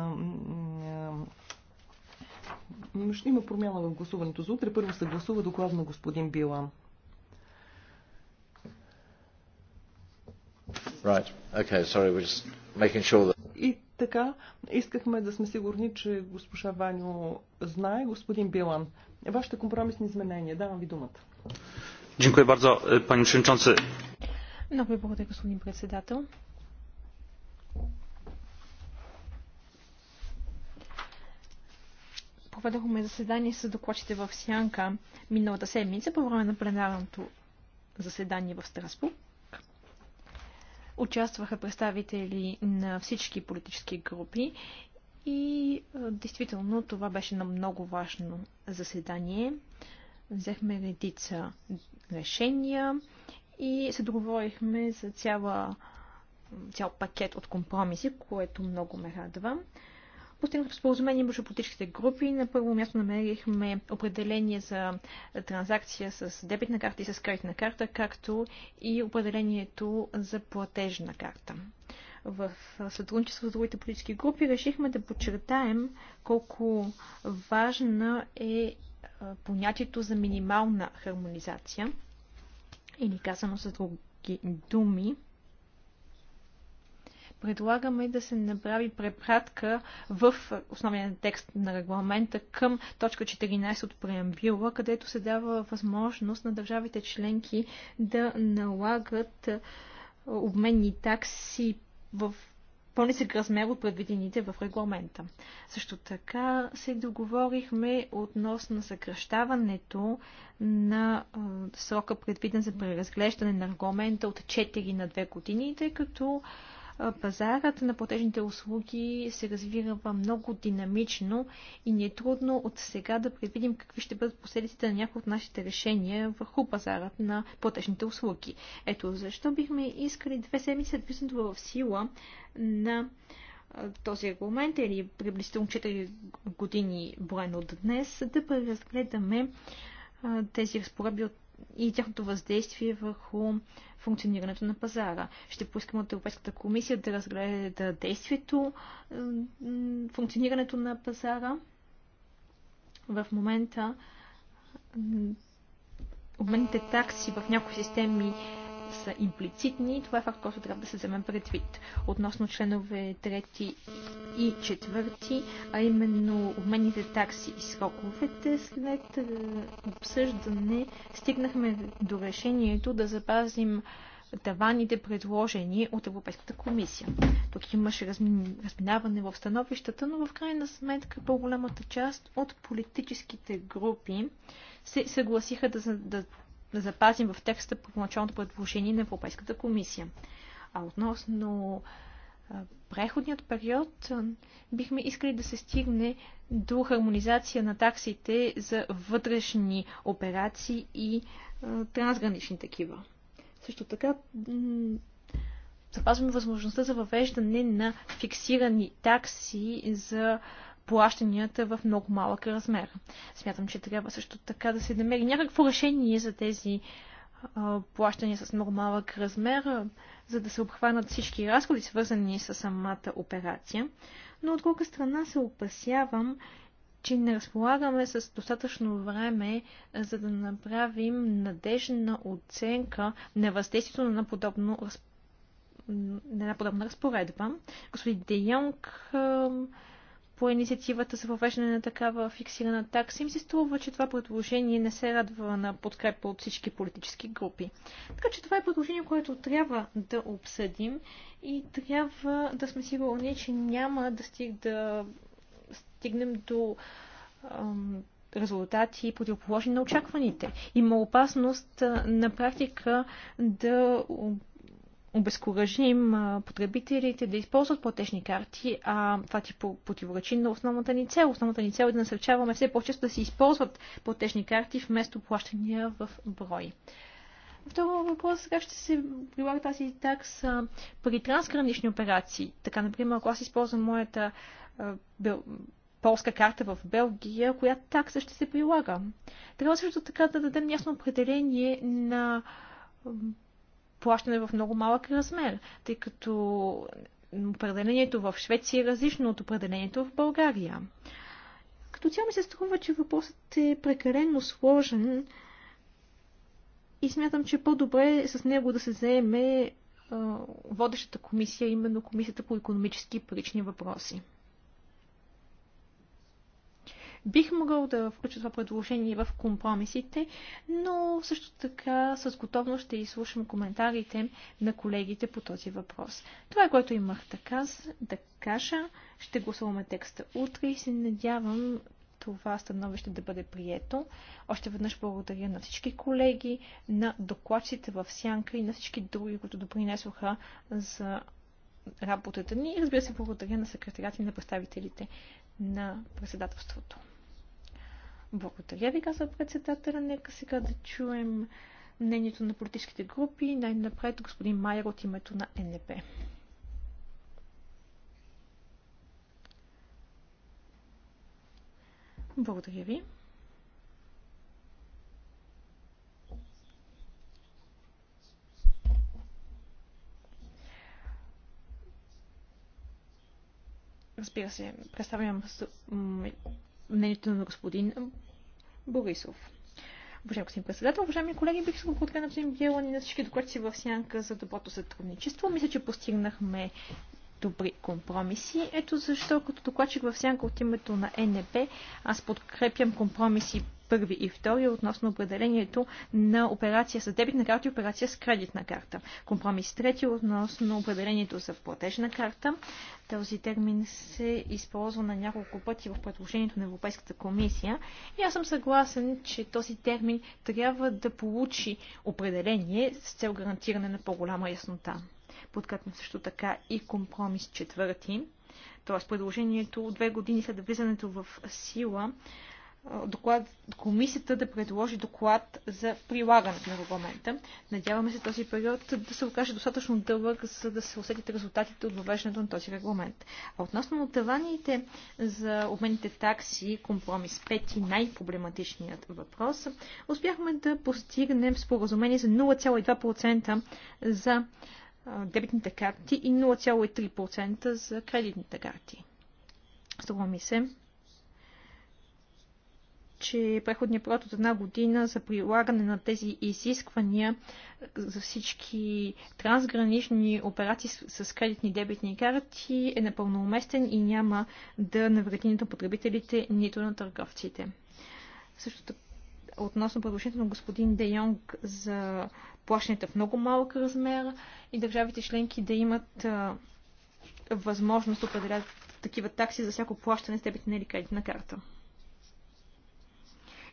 ще има промяна в гласуването за утре. Първо се гласува доклад на господин Билан. Right. Okay, sorry, we're just making sure that така, искахме да сме сигурни, че госпожа Ваню знае. Господин Билан, вашите компромисни изменения. Давам ви думата. Дякую bardzo, пани e, Шенчонце. Много ви благодаря, господин председател. Проведохме заседание с докладчите в Сянка миналата седмица по време на пленарното заседание в Страсбург. Участваха представители на всички политически групи и действително това беше на много важно заседание. Взехме редица решения и се договорихме за цяла, цял пакет от компромиси, което много ме радва постигнахме споразумение между политическите групи. На първо място намерихме определение за транзакция с дебитна карта и с кредитна карта, както и определението за платежна карта. В сътрудничество с другите политически групи решихме да подчертаем колко важна е понятието за минимална хармонизация или казано с други думи – предлагаме да се направи препратка в основния текст на регламента към точка 14 от преамбюла, където се дава възможност на държавите членки да налагат е, обменни такси в по-нисък размер от предвидените в регламента. Също така се договорихме относно съкръщаването на а, е, срока предвиден за преразглеждане на регламента от 4 на 2 години, тъй като пазарът на платежните услуги се развива много динамично и ни е трудно от сега да предвидим какви ще бъдат последиците на някои от нашите решения върху пазарът на платежните услуги. Ето защо бихме искали две седмици след влизането в сила на този регламент или приблизително 4 години броено от днес да преразгледаме тези разпоредби от и тяхното въздействие върху функционирането на пазара. Ще поискаме от Европейската комисия да разгледа действието, функционирането на пазара. В момента обменните такси в някои системи са имплицитни. Това е факт, който трябва да се вземе предвид. Относно членове 3 и 4, а именно обменните такси и сроковете, след е, обсъждане стигнахме до решението да запазим таваните предложени от Европейската комисия. Тук имаше разминаване в становищата, но в крайна сметка по-голямата част от политическите групи се съгласиха да, да да запазим в текста по началното предложение на Европейската комисия. А относно преходният период бихме искали да се стигне до хармонизация на таксите за вътрешни операции и трансгранични такива. Също така запазваме възможността за въвеждане на фиксирани такси за плащанията в много малък размер. Смятам, че трябва също така да се намери някакво решение за тези плащания с много малък размер, за да се обхванат всички разходи, свързани с самата операция. Но от друга страна се опасявам, че не разполагаме с достатъчно време, за да направим надежна оценка на въздействието на подобно на подобна разпоредба. Господин Де Йонг по инициативата за въвеждане на такава фиксирана такса, им се струва, че това предложение не се радва на подкрепа от всички политически групи. Така че това е предложение, което трябва да обсъдим и трябва да сме сигурни, че няма да, стиг, да стигнем до ам, резултати противоположни на очакваните. Има опасност на практика да обезкуражим потребителите да използват платежни карти, а това ти противоречи на основната ни цел. Основната ни цел е да насърчаваме все по-често да се използват платежни карти вместо плащания в брой. Второ въпрос, как ще се прилага тази такса при трансгранични операции? Така, например, ако аз използвам моята бел... полска карта в Белгия, коя такса ще се прилага? Трябва също така да дадем ясно определение на плащане в много малък размер, тъй като определението в Швеция е различно от определението в България. Като цяло ми се струва, че въпросът е прекалено сложен и смятам, че по-добре е с него да се заеме водещата комисия, именно комисията по економически и парични въпроси. Бих могъл да включа това предложение в компромисите, но също така с готовност ще изслушам коментарите на колегите по този въпрос. Това е което имах да, каз, да кажа. Ще гласуваме текста утре и се надявам това становище да бъде прието. Още веднъж благодаря на всички колеги, на докладчите в Сянка и на всички други, които допринесоха за работата ни. И разбира се, благодаря на секретарите и на представителите на председателството. Благодаря ви, казва председателя. Нека сега да чуем мнението на политическите групи. Най-напред господин Майер от името на НДП. Благодаря ви. Разбира се, представям мнението на господин Борисов. Уважаеми господин председател, уважаеми колеги, бих искал да на господин Бялан и на всички докладчици в сянка за доброто сътрудничество. Мисля, че постигнахме добри компромиси. Ето защо като докладчик в сянка от името на НП аз подкрепям компромиси първи и втори относно определението на операция с дебитна карта и операция с кредитна карта. Компромис трети относно определението за платежна карта. Този термин се използва на няколко пъти в предложението на Европейската комисия и аз съм съгласен, че този термин трябва да получи определение с цел гарантиране на по-голяма яснота. Подкрепям също така и компромис четвърти, т.е. предложението две години след влизането в сила доклад, комисията да предложи доклад за прилагането на регламента. Надяваме се този период да се окаже достатъчно дълъг, за да се усетят резултатите от въвеждането на този регламент. А относно таваните за обменните такси, компромис 5 и най-проблематичният въпрос, успяхме да постигнем споразумение за 0,2% за дебитните карти и 0,3% за кредитните карти. това ми се, че преходният период от една година за прилагане на тези изисквания за всички трансгранични операции с кредитни дебитни карти е напълно уместен и няма да навреди нито потребителите, нито на търговците. Също така относно предложението на господин Де Йонг за плащанията в много малък размер и държавите членки да имат а, възможност да определят такива такси за всяко плащане с дебитна или кредитна карта.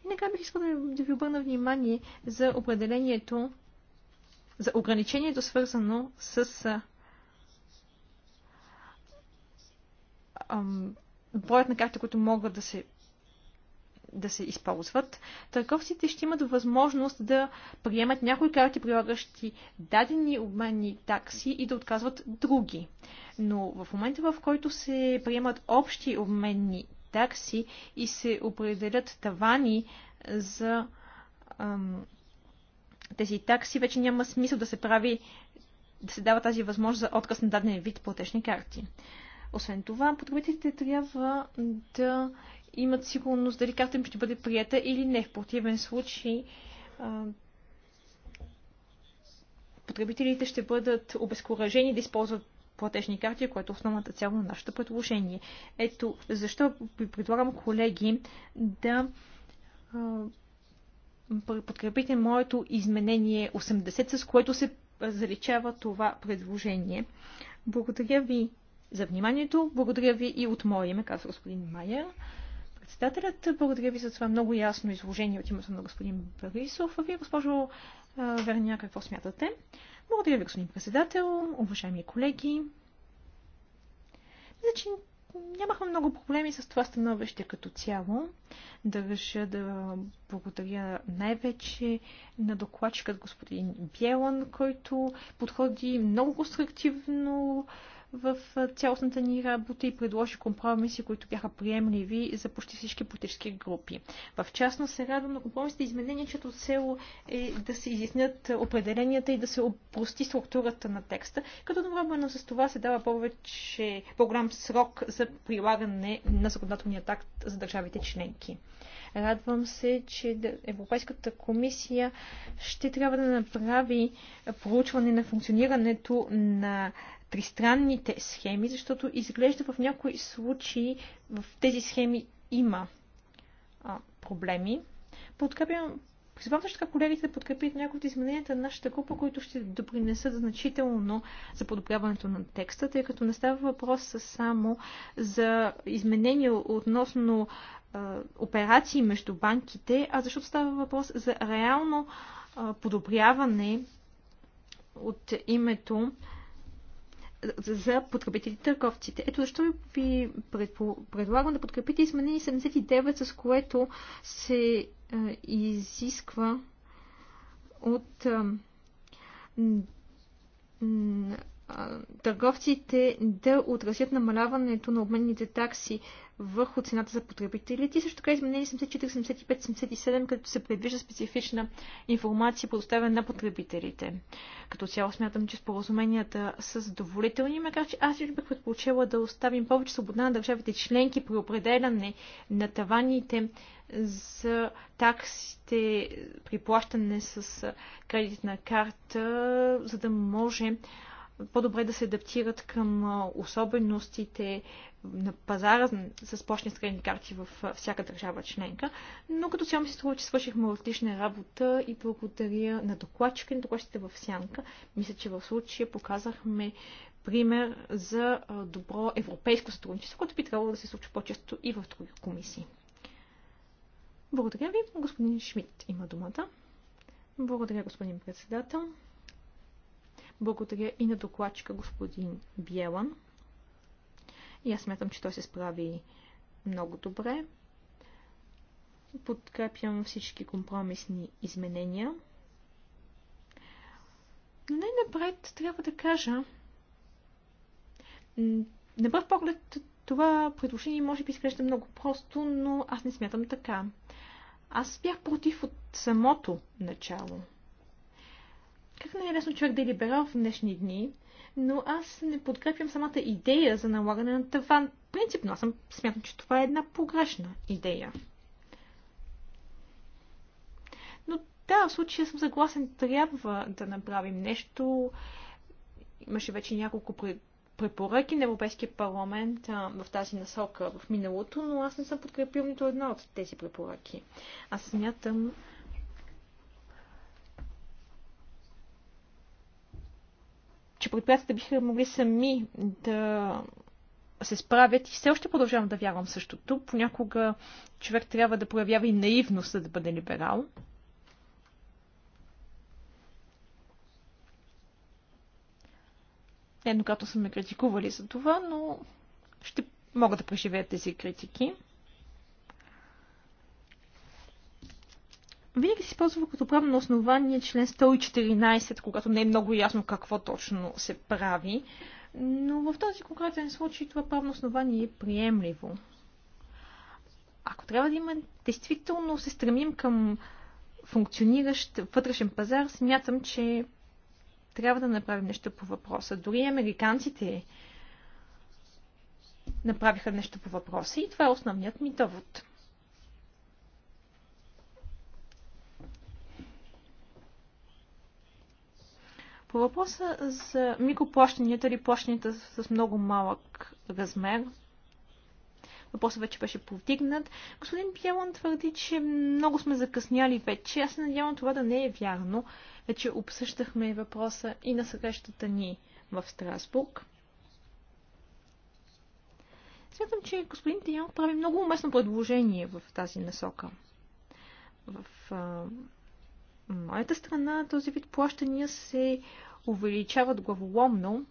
И бих искала да ви обърна внимание за определението, за ограничението свързано с а, а, броят на карти, които могат да се да се използват, търговците ще имат възможност да приемат някои карти, прилагащи дадени обменни такси и да отказват други. Но в момента, в който се приемат общи обменни такси и се определят тавани за ам, тези такси, вече няма смисъл да се прави, да се дава тази възможност за отказ на даден вид платежни карти. Освен това, потребителите трябва да имат сигурност дали карта им ще бъде прията или не. В противен случай а, потребителите ще бъдат обезкуражени да използват платежни карти, което е основната цяло на нашето предложение. Ето защо ви предлагам, колеги, да подкрепите моето изменение 80, с което се заличава това предложение. Благодаря ви за вниманието. Благодаря ви и от мое име, казва господин Майер. Председателят, благодаря ви за това много ясно изложение от името на господин Парисов, А вие, госпожо Верня, какво смятате? Благодаря ви, господин председател, уважаеми колеги. Значи, нямахме много проблеми с това становище като цяло. Държа да благодаря най-вече на докладчикът господин Бьелан, който подходи много конструктивно, в цялостната ни работа и предложи компромиси, които бяха приемливи за почти всички политически групи. В частност се радвам на компромисите изменения, чето цел е да се изяснят определенията и да се опрости структурата на текста, като едновременно с това се дава повече, по-голям срок за прилагане на законодателния акт за държавите членки. Радвам се, че Европейската комисия ще трябва да направи проучване на функционирането на тристранните схеми, защото изглежда в някои случаи в тези схеми има а, проблеми. Подкрепям, призвам също така колегите да подкрепят някои от измененията на нашата група, които ще допринесат значително за подобряването на текста, тъй като не става въпрос само за изменения относно а, операции между банките, а защото става въпрос за реално а, подобряване от името за подкрепителите търговците. Ето защо ви предлагам да подкрепите изменение 79, с което се изисква от търговците да отразят намаляването на обменните такси върху цената за потребителите и също така изменени 74, 75, 77, като се предвижда специфична информация, предоставена на потребителите. Като цяло смятам, че споразуменията са задоволителни, макар че аз лично бих предпочела да оставим повече свобода на държавите членки при определяне на таваните за таксите при плащане с кредитна карта, за да може по-добре да се адаптират към особеностите на пазара с почни средни карти в всяка държава членка. Но като цяло ми се струва, че свършихме отлична работа и благодаря на докладчика и на докладчите в сянка. Мисля, че в случая показахме пример за добро европейско сътрудничество, което би трябвало да се случва по-често и в други комисии. Благодаря ви. Господин Шмидт има думата. Благодаря, господин председател. Благодаря и на докладчика господин Биелан. И аз смятам, че той се справи много добре. Подкрепям всички компромисни изменения. Но най-напред трябва да кажа, на пръв поглед това предложение може би изглежда много просто, но аз не смятам така. Аз бях против от самото начало. Как не е лесно човек да е либерал в днешни дни, но аз не подкрепям самата идея за налагане на таван. Принципно аз съм, смятам, че това е една погрешна идея. Но да, в случая съм съгласен, трябва да направим нещо. Имаше вече няколко препоръки на Европейския парламент а, в тази насока в миналото, но аз не съм подкрепил нито една от тези препоръки. Аз смятам, че предприятията биха могли сами да се справят и все още продължавам да вярвам същото. Понякога човек трябва да проявява и наивност, за да бъде либерал. Еднократно са ме критикували за това, но ще мога да преживея тези критики. винаги се ползва като правно основание член 114, когато не е много ясно какво точно се прави, но в този конкретен случай това правно основание е приемливо. Ако трябва да има, действително се стремим към функциониращ вътрешен пазар, смятам, че трябва да направим нещо по въпроса. Дори американците направиха нещо по въпроса и това е основният ми довод. По въпроса за микроплащанията или плащанията с много малък размер, въпросът вече беше повдигнат. Господин Пиелон твърди, че много сме закъсняли вече. Аз се надявам това да не е вярно. Вече обсъждахме въпроса и на срещата ни в Страсбург. Смятам, че господин Тиян прави много уместно предложение в тази насока. В моята страна този вид плащания се увеличават главоломно.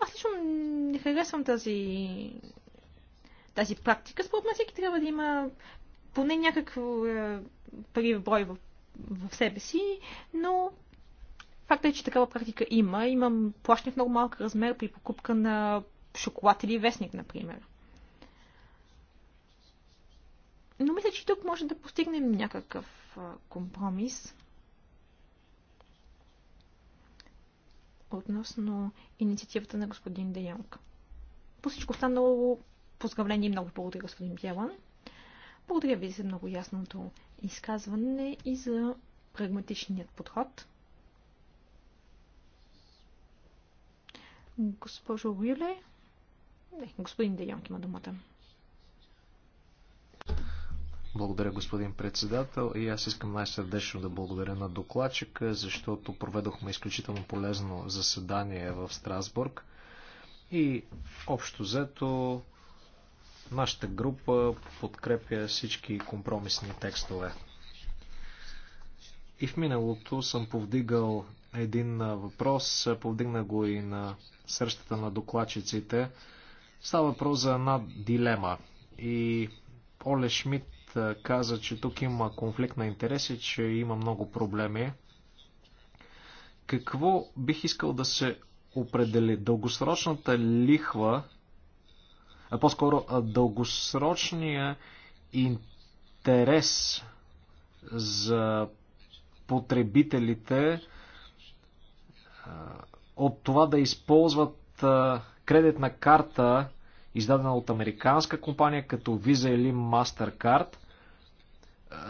Аз лично не харесвам тази, тази практика. Според мен всеки трябва да има поне някакво е, пари в брой в, в себе си, но факта е, че такава практика има. Имам плащане в много малък размер при покупка на шоколад или вестник, например. Но мисля, че тук може да постигнем някакъв компромис относно инициативата на господин Деянг. По всичко останало поздравление и много благодаря, господин Бялан. Благодаря ви за много ясното изказване и за прагматичният подход. Госпожо Уиле, не, господин Де Йонг има думата. Благодаря, господин председател. И аз искам най-сърдечно да благодаря на докладчика, защото проведохме изключително полезно заседание в Страсбург. И общо взето нашата група подкрепя всички компромисни текстове. И в миналото съм повдигал един въпрос, повдигна го и на срещата на докладчиците. Става въпрос за една дилема. И Оле Шмидт каза, че тук има конфликт на интереси, че има много проблеми. Какво бих искал да се определи? Дългосрочната лихва, а по-скоро дългосрочния интерес за потребителите от това да използват кредитна карта, издадена от американска компания като Visa или MasterCard,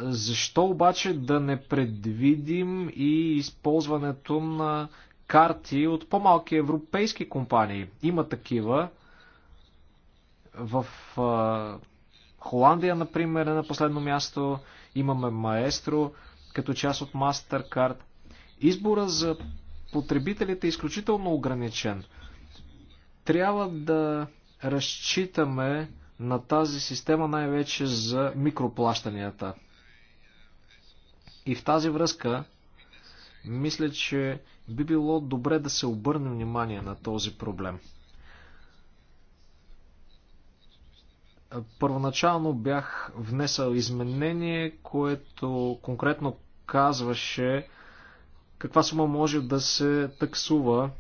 защо обаче да не предвидим и използването на карти от по-малки европейски компании? Има такива. В Холандия, например, е на последно място. Имаме Маестро като част от MasterCard. Избора за потребителите е изключително ограничен. Трябва да разчитаме на тази система най-вече за микроплащанията. И в тази връзка, мисля, че би било добре да се обърне внимание на този проблем. Първоначално бях внесъл изменение, което конкретно казваше каква сума може да се таксува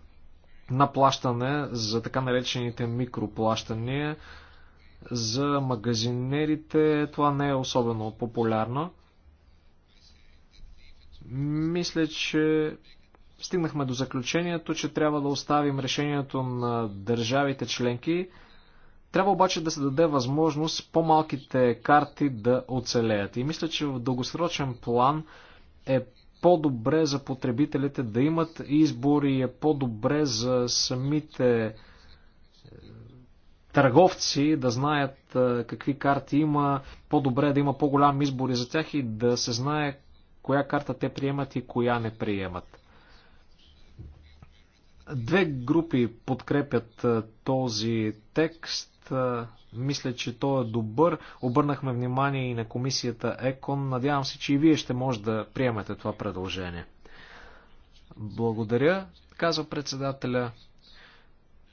на плащане за така наречените микроплащания. За магазинерите това не е особено популярно. Мисля, че стигнахме до заключението, че трябва да оставим решението на държавите членки. Трябва обаче да се даде възможност по-малките карти да оцелеят. И мисля, че в дългосрочен план е по-добре за потребителите да имат избори и е по-добре за самите е, търговци да знаят е, какви карти има, по-добре е да има по-голям избор и за тях и да се знае коя карта те приемат и коя не приемат. Две групи подкрепят този текст. Мисля, че той е добър. Обърнахме внимание и на комисията ЕКОН. Надявам се, че и вие ще може да приемете това предложение. Благодаря, казва председателя.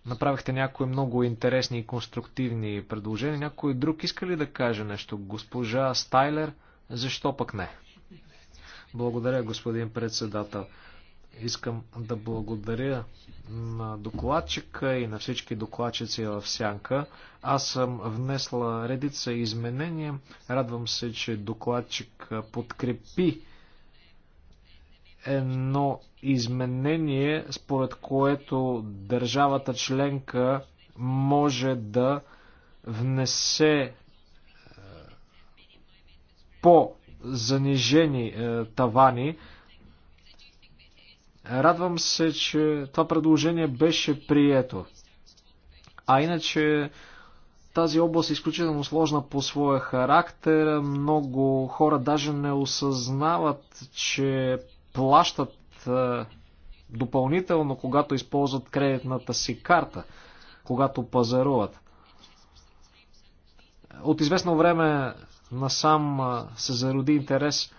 Направихте някои много интересни и конструктивни предложения. Някой друг иска ли да каже нещо? Госпожа Стайлер, защо пък не? Благодаря, господин председател. Искам да благодаря на докладчика и на всички докладчици в Сянка. Аз съм внесла редица изменения. Радвам се, че докладчик подкрепи едно изменение, според което държавата членка може да внесе е, по занижени е, тавани. Радвам се, че това предложение беше прието. А иначе тази област е изключително сложна по своя характер. Много хора даже не осъзнават, че плащат е, допълнително, когато използват кредитната си карта, когато пазаруват. От известно време насам се зароди интерес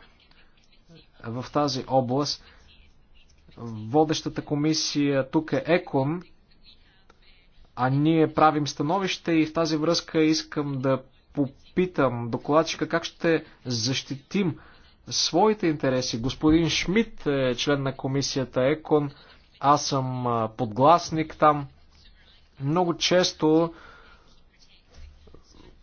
в тази област. Водещата комисия тук е ЕКОН, а ние правим становище и в тази връзка искам да попитам докладчика как ще защитим своите интереси. Господин Шмидт е член на комисията ЕКОН, аз съм подгласник там. Много често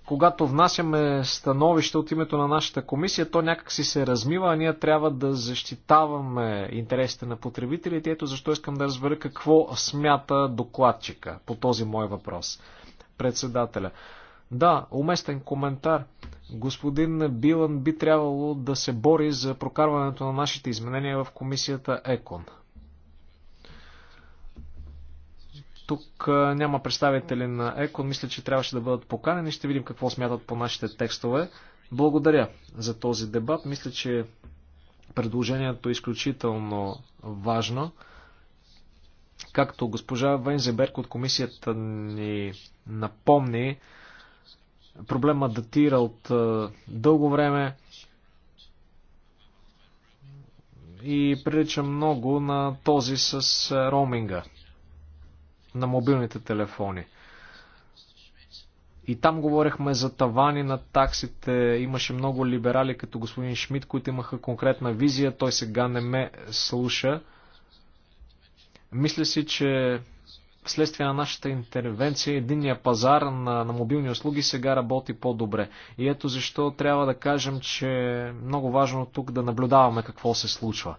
когато внасяме становище от името на нашата комисия, то някак си се размива, а ние трябва да защитаваме интересите на потребителите. Ето защо искам да разбера какво смята докладчика по този мой въпрос. Председателя. Да, уместен коментар. Господин Билан би трябвало да се бори за прокарването на нашите изменения в комисията ЕКОН. Тук няма представители на ЕКО, Мисля, че трябваше да бъдат поканени. Ще видим какво смятат по нашите текстове. Благодаря за този дебат. Мисля, че предложението е изключително важно. Както госпожа Вензеберг от комисията ни напомни, проблема датира от дълго време и прилича много на този с роуминга на мобилните телефони. И там говорихме за тавани на таксите. Имаше много либерали, като господин Шмидт, които имаха конкретна визия. Той сега не ме слуша. Мисля си, че вследствие на нашата интервенция, единния пазар на, на мобилни услуги сега работи по-добре. И ето защо трябва да кажем, че е много важно тук да наблюдаваме какво се случва.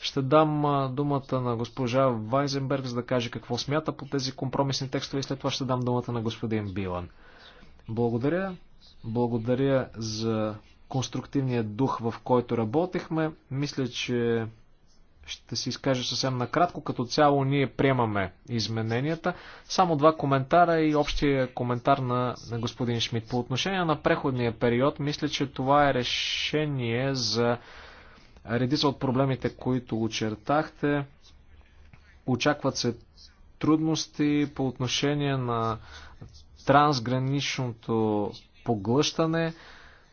Ще дам думата на госпожа Вайзенберг, за да каже какво смята по тези компромисни текстове и след това ще дам думата на господин Билан. Благодаря. Благодаря за конструктивния дух, в който работихме. Мисля, че ще си изкажа съвсем накратко. Като цяло ние приемаме измененията. Само два коментара и общия коментар на, на господин Шмидт. По отношение на преходния период, мисля, че това е решение за Редица от проблемите, които очертахте, очакват се трудности по отношение на трансграничното поглъщане.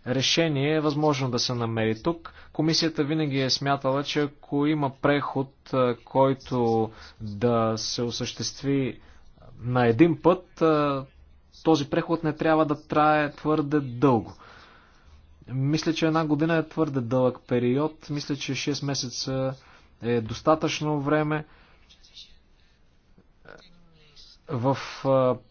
Решение е възможно да се намери тук. Комисията винаги е смятала, че ако има преход, който да се осъществи на един път, този преход не трябва да трае твърде дълго. Мисля, че една година е твърде дълъг период. Мисля, че 6 месеца е достатъчно време. В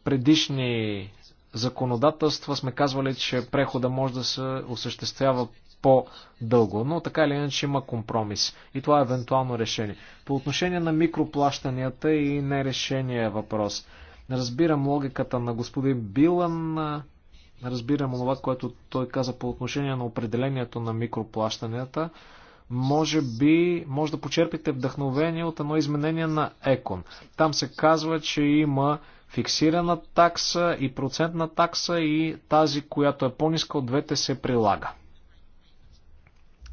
предишни законодателства сме казвали, че прехода може да се осъществява по-дълго, но така или иначе има компромис и това е евентуално решение. По отношение на микроплащанията и нерешения въпрос. Разбирам логиката на господин Билан, разбирам това, което той каза по отношение на определението на микроплащанията. Може би, може да почерпите вдъхновение от едно изменение на ЕКОН. Там се казва, че има фиксирана такса и процентна такса и тази, която е по-ниска от двете се прилага.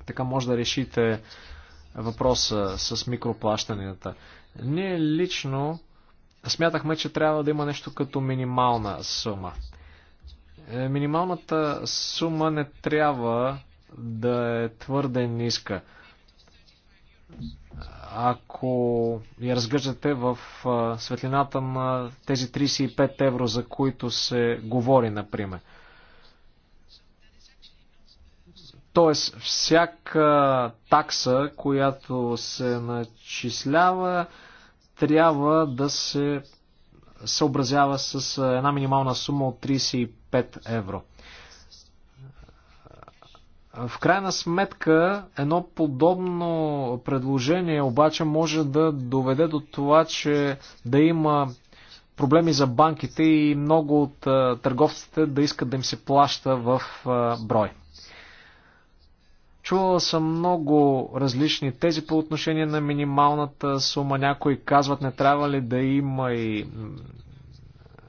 Така може да решите въпроса с микроплащанията. Ние лично смятахме, че трябва да има нещо като минимална сума. Е, минималната сума не трябва да е твърде ниска. Ако я разглеждате в светлината на тези 35 евро, за които се говори, например. Тоест, всяка такса, която се начислява, трябва да се съобразява с една минимална сума от 35 евро. В крайна сметка, едно подобно предложение обаче може да доведе до това, че да има проблеми за банките и много от търговците да искат да им се плаща в брой. Чувал съм много различни тези по отношение на минималната сума. Някои казват не трябва ли да има и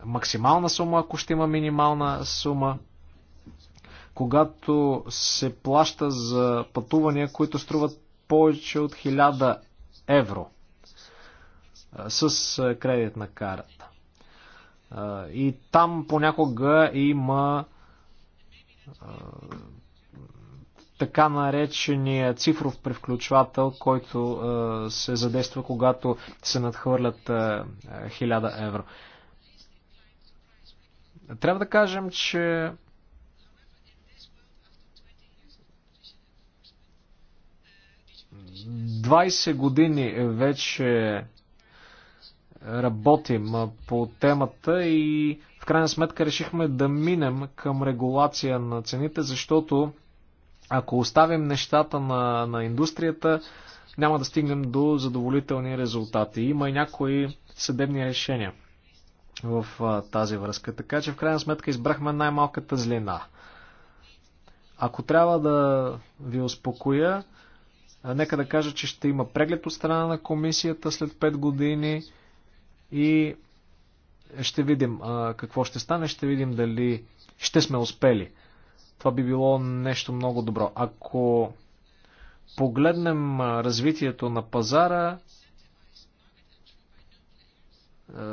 максимална сума, ако ще има минимална сума. Когато се плаща за пътувания, които струват повече от 1000 евро с кредитна карта. И там понякога има така наречения цифров превключвател, който а, е, се задейства, когато се надхвърлят е, а, 1000 евро. Трябва да кажем, че Двайсет години вече работим по темата и в крайна сметка решихме да минем към регулация на цените, защото ако оставим нещата на, на индустрията, няма да стигнем до задоволителни резултати. Има и някои съдебни решения в а, тази връзка. Така че в крайна сметка избрахме най-малката злина. Ако трябва да ви успокоя, нека да кажа, че ще има преглед от страна на комисията след 5 години и ще видим а, какво ще стане, ще видим дали ще сме успели това би било нещо много добро. Ако погледнем развитието на пазара,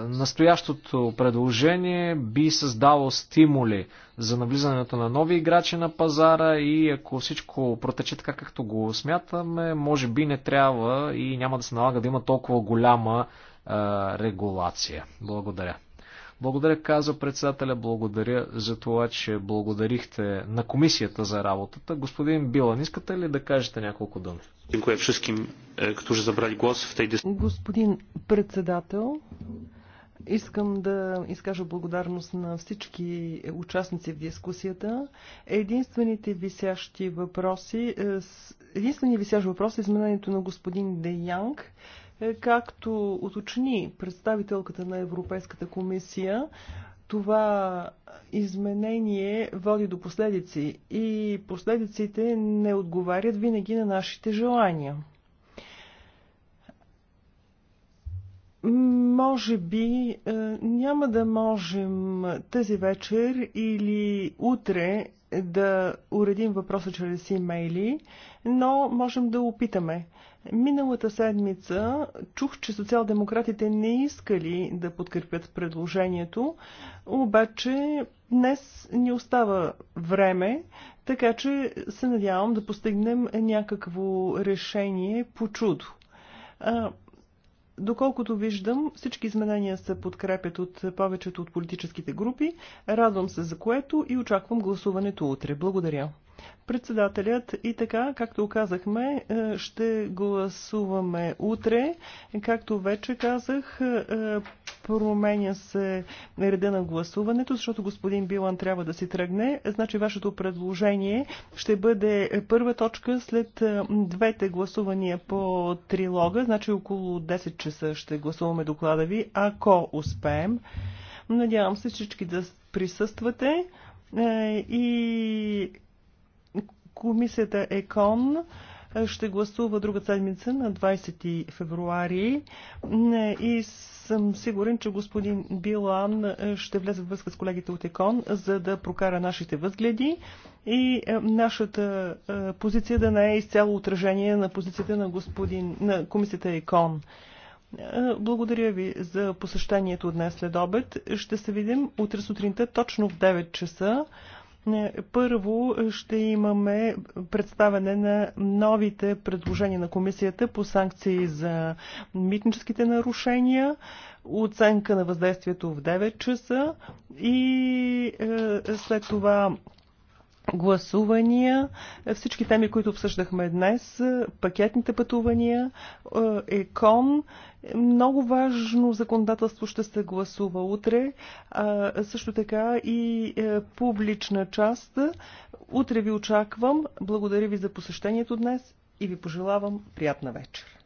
настоящото предложение би създало стимули за навлизането на нови играчи на пазара и ако всичко протече така както го смятаме, може би не трябва и няма да се налага да има толкова голяма регулация. Благодаря. Благодаря, каза председателя, благодаря за това, че благодарихте на комисията за работата. Господин Билан, искате ли да кажете няколко думи? E, господин председател, Искам да изкажа благодарност на всички участници в дискусията. Единствените висящи въпроси, е, единственият висящ въпрос е изменението на господин Де Янг. Е, както уточни представителката на Европейската комисия, това изменение води до последици и последиците не отговарят винаги на нашите желания. може би е, няма да можем тази вечер или утре да уредим въпроса чрез имейли, но можем да опитаме. Миналата седмица чух, че социал-демократите не искали да подкрепят предложението, обаче днес ни остава време, така че се надявам да постигнем някакво решение по чудо. Доколкото виждам, всички изменения се подкрепят от повечето от политическите групи. Радвам се за което и очаквам гласуването утре. Благодаря. Председателят и така, както казахме, е, ще гласуваме утре. Както вече казах, е, променя се реда на гласуването, защото господин Билан трябва да си тръгне. Значи вашето предложение ще бъде първа точка след е, двете гласувания по трилога. Значи около 10 часа ще гласуваме доклада ви, ако успеем. Надявам се всички да присъствате и Комисията ЕКОН ще гласува друга седмица на 20 февруари и съм сигурен, че господин Билан ще влезе в връзка с колегите от ЕКОН, за да прокара нашите възгледи и нашата позиция да не е изцяло отражение на позицията на, господин, на комисията ЕКОН. Благодаря ви за посещението днес след обед. Ще се видим утре сутринта точно в 9 часа. Първо ще имаме представяне на новите предложения на комисията по санкции за митническите нарушения, оценка на въздействието в 9 часа и е, след това гласувания, всички теми, които обсъждахме днес, пакетните пътувания, е, ЕКОН. Много важно законодателство ще се гласува утре, а също така и е, публична част. Утре ви очаквам. Благодаря ви за посещението днес и ви пожелавам приятна вечер.